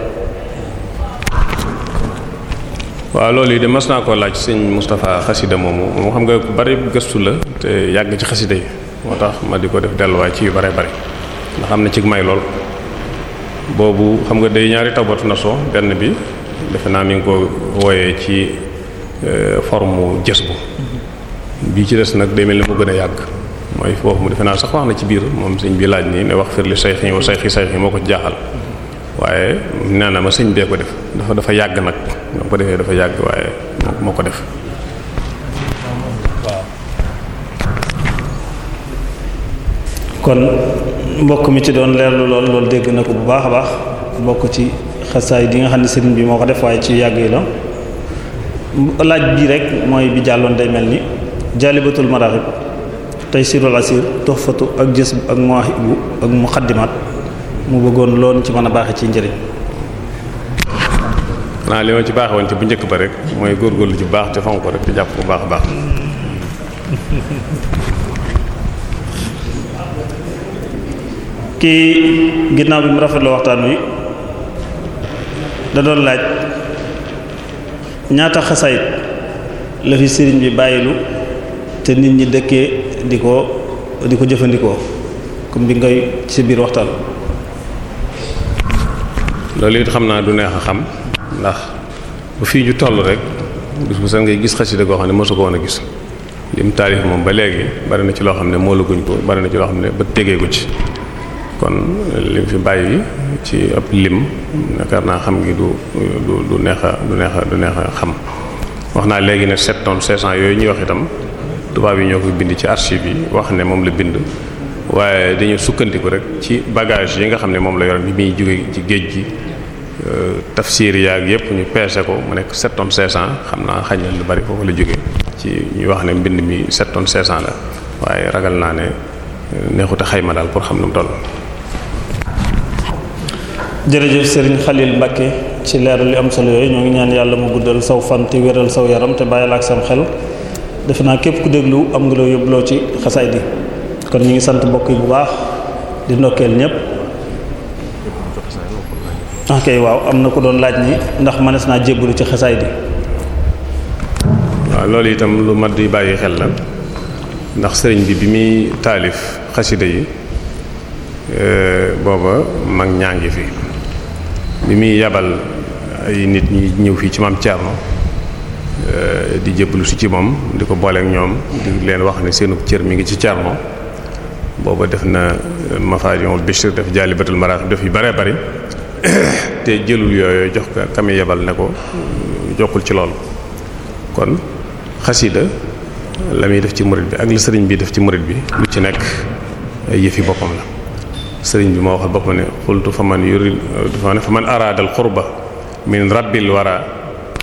waaw loolu yi de mas naa ko laaj sëñ mustafaa xasida moomu moom xam nga bari gëstu la te yàgg ci xasida yi moo tax ma di ko def delluwaay ci yu bare ndax am na ci may lool boobu xam nga day ñaari tawbatu nasuux benn bi defe naa mi ngi ko wooyee ci eh, forme jës bu bii ci des nag day mel ni mu gën a yàgg mooy foofu mu defe naa sax wax na ci biir moom sëñ bi laaj nii ne wax firli say yi say sayx yi sayx moo ko jaaxal waaye nee ma sëñ bee ko def dafa dafa yàgg nag moo ko dafa yàgg waaye moo ko def kon mbokk mi ci doon leerlu lool loolu dégg na ko bu baax a baax bokk ci xasaay di nga xam ne sëriñ bi moo ko def waaye ci yàgg yi la laaj bi rek mooy bi jàlloon day mel ni jaalibatul maraaxib taysirul asir tuhfatu ak jës ak mawaahibu ak muqaddimaat mu bëggoon loolu ci mën a baaxe ci njëriñ xanaa li ma ci baaxe woon bu njëkk ba rek mooy góorgóorlu ci baax ci fonk ko rek te jàpp bu baax baax kii ginnaaw bi mu rafet la waxtaan wi da doon laaj ñaata xasaayit la fi sëriñ bi bàyyilu te nit ñi dëkkee di ko di ko jëfandikoo comme bi ngay si biir waxtaan. loolu it xam naa du neex a xam ndax bu fii ñu toll rek bis bu sax ngay gis xasida goo xam ne mosu ko woon a gis lim taalif moom ba léegi bari na ci loo xam ne moolaguñ ko bari na ci loo xam ne ba tegee ko ci kon lim fi bàyyi ci ab lim yaakaar naa xam gi du du du neex a du neex a du neex a xam wax naa léegi ne sept tonnes cinq cents yooyu ñuy wax itam. tubaab yi ñoo ko bind ci archive bi wax ne moom la bind waaye dañu sukkandiku rek ci bagage yi nga xam ne moom la yoroon bi muy jóge ci géej gi euh, tafsir yaag yëpp ñu peese ko mu nekk 7 tonnes 500 xam naa xañ na lu bari foofu la jóge ci ñuy wax ne mbind mi 7 tonnes 500 la waaye ragal naa ne euh, neexute xayma daal pour xam nu mu toll. jërëjëf Serigne Khalil Mbacke ci leeral li am solo yooyu ñoo ngi ñaan yàlla mu guddal saw fan te wéral saw yaram te bàyyil ak sam xel. defe naa képp ku déglu am nga loo yóbbuloo ci xasaay di kon ñu ngi sant mbokk yi bu baax di ndokkeel ñépp ok waaw am na ku doon laaj ni ndax manees naa jébbalu ci xasaay di waaw loolu itam lu mat di bàyyi xel la ndax sëriñ bi bi muy taalif xasida yi e, booba mag ñaa ngi fi bi muy yabal ay nit ñi ñëw fii ci maam Thierno Euh, di jébbalu si ci moom di ko booleek ñoom di leen wax ne seenu cër mi ngi ci Thierno booba def na euh, Mafaajul Bishir def Jaalibatul Maraaxib def yu bare bari te jëlul yooyu jox ko kame yebal ne ko euh, jokkul ci loolu kon xasida la muy def ci murit bi ak la sëriñ bi def ci murit bi lu ci nekk yëfi boppam la sëriñ bi moo waxal boppam ne xultu fa man araadal xurba min rabbil wara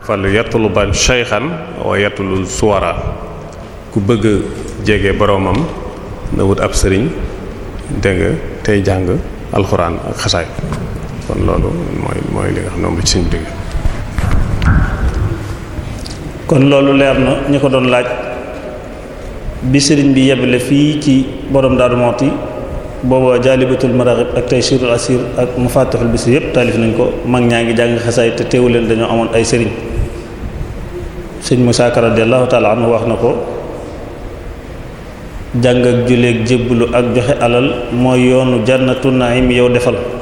falu yatluban shaykhan wa yatlul suwara ku bëgg jege boroomam na wut ab sëriñ dégg nga tey jàng alxuraan ak xasaay kon loolu mooy loolu leer na ñu ko doon laaj bi sëriñ bi yebale fii ci borom Daaru Muxti booba jaalibatul maraqib ak taysirul asir ak mu mufatihul bisir yëpp taalif nañ ko mag ñaa ngi jàng xasaay te teewu leen dañoo amoon ay sëriñ sëñ Musaa Ka radiyallahu wax na ko jàng ak julleeg ak joxe alal mooy yoonu jannatu naim yow defal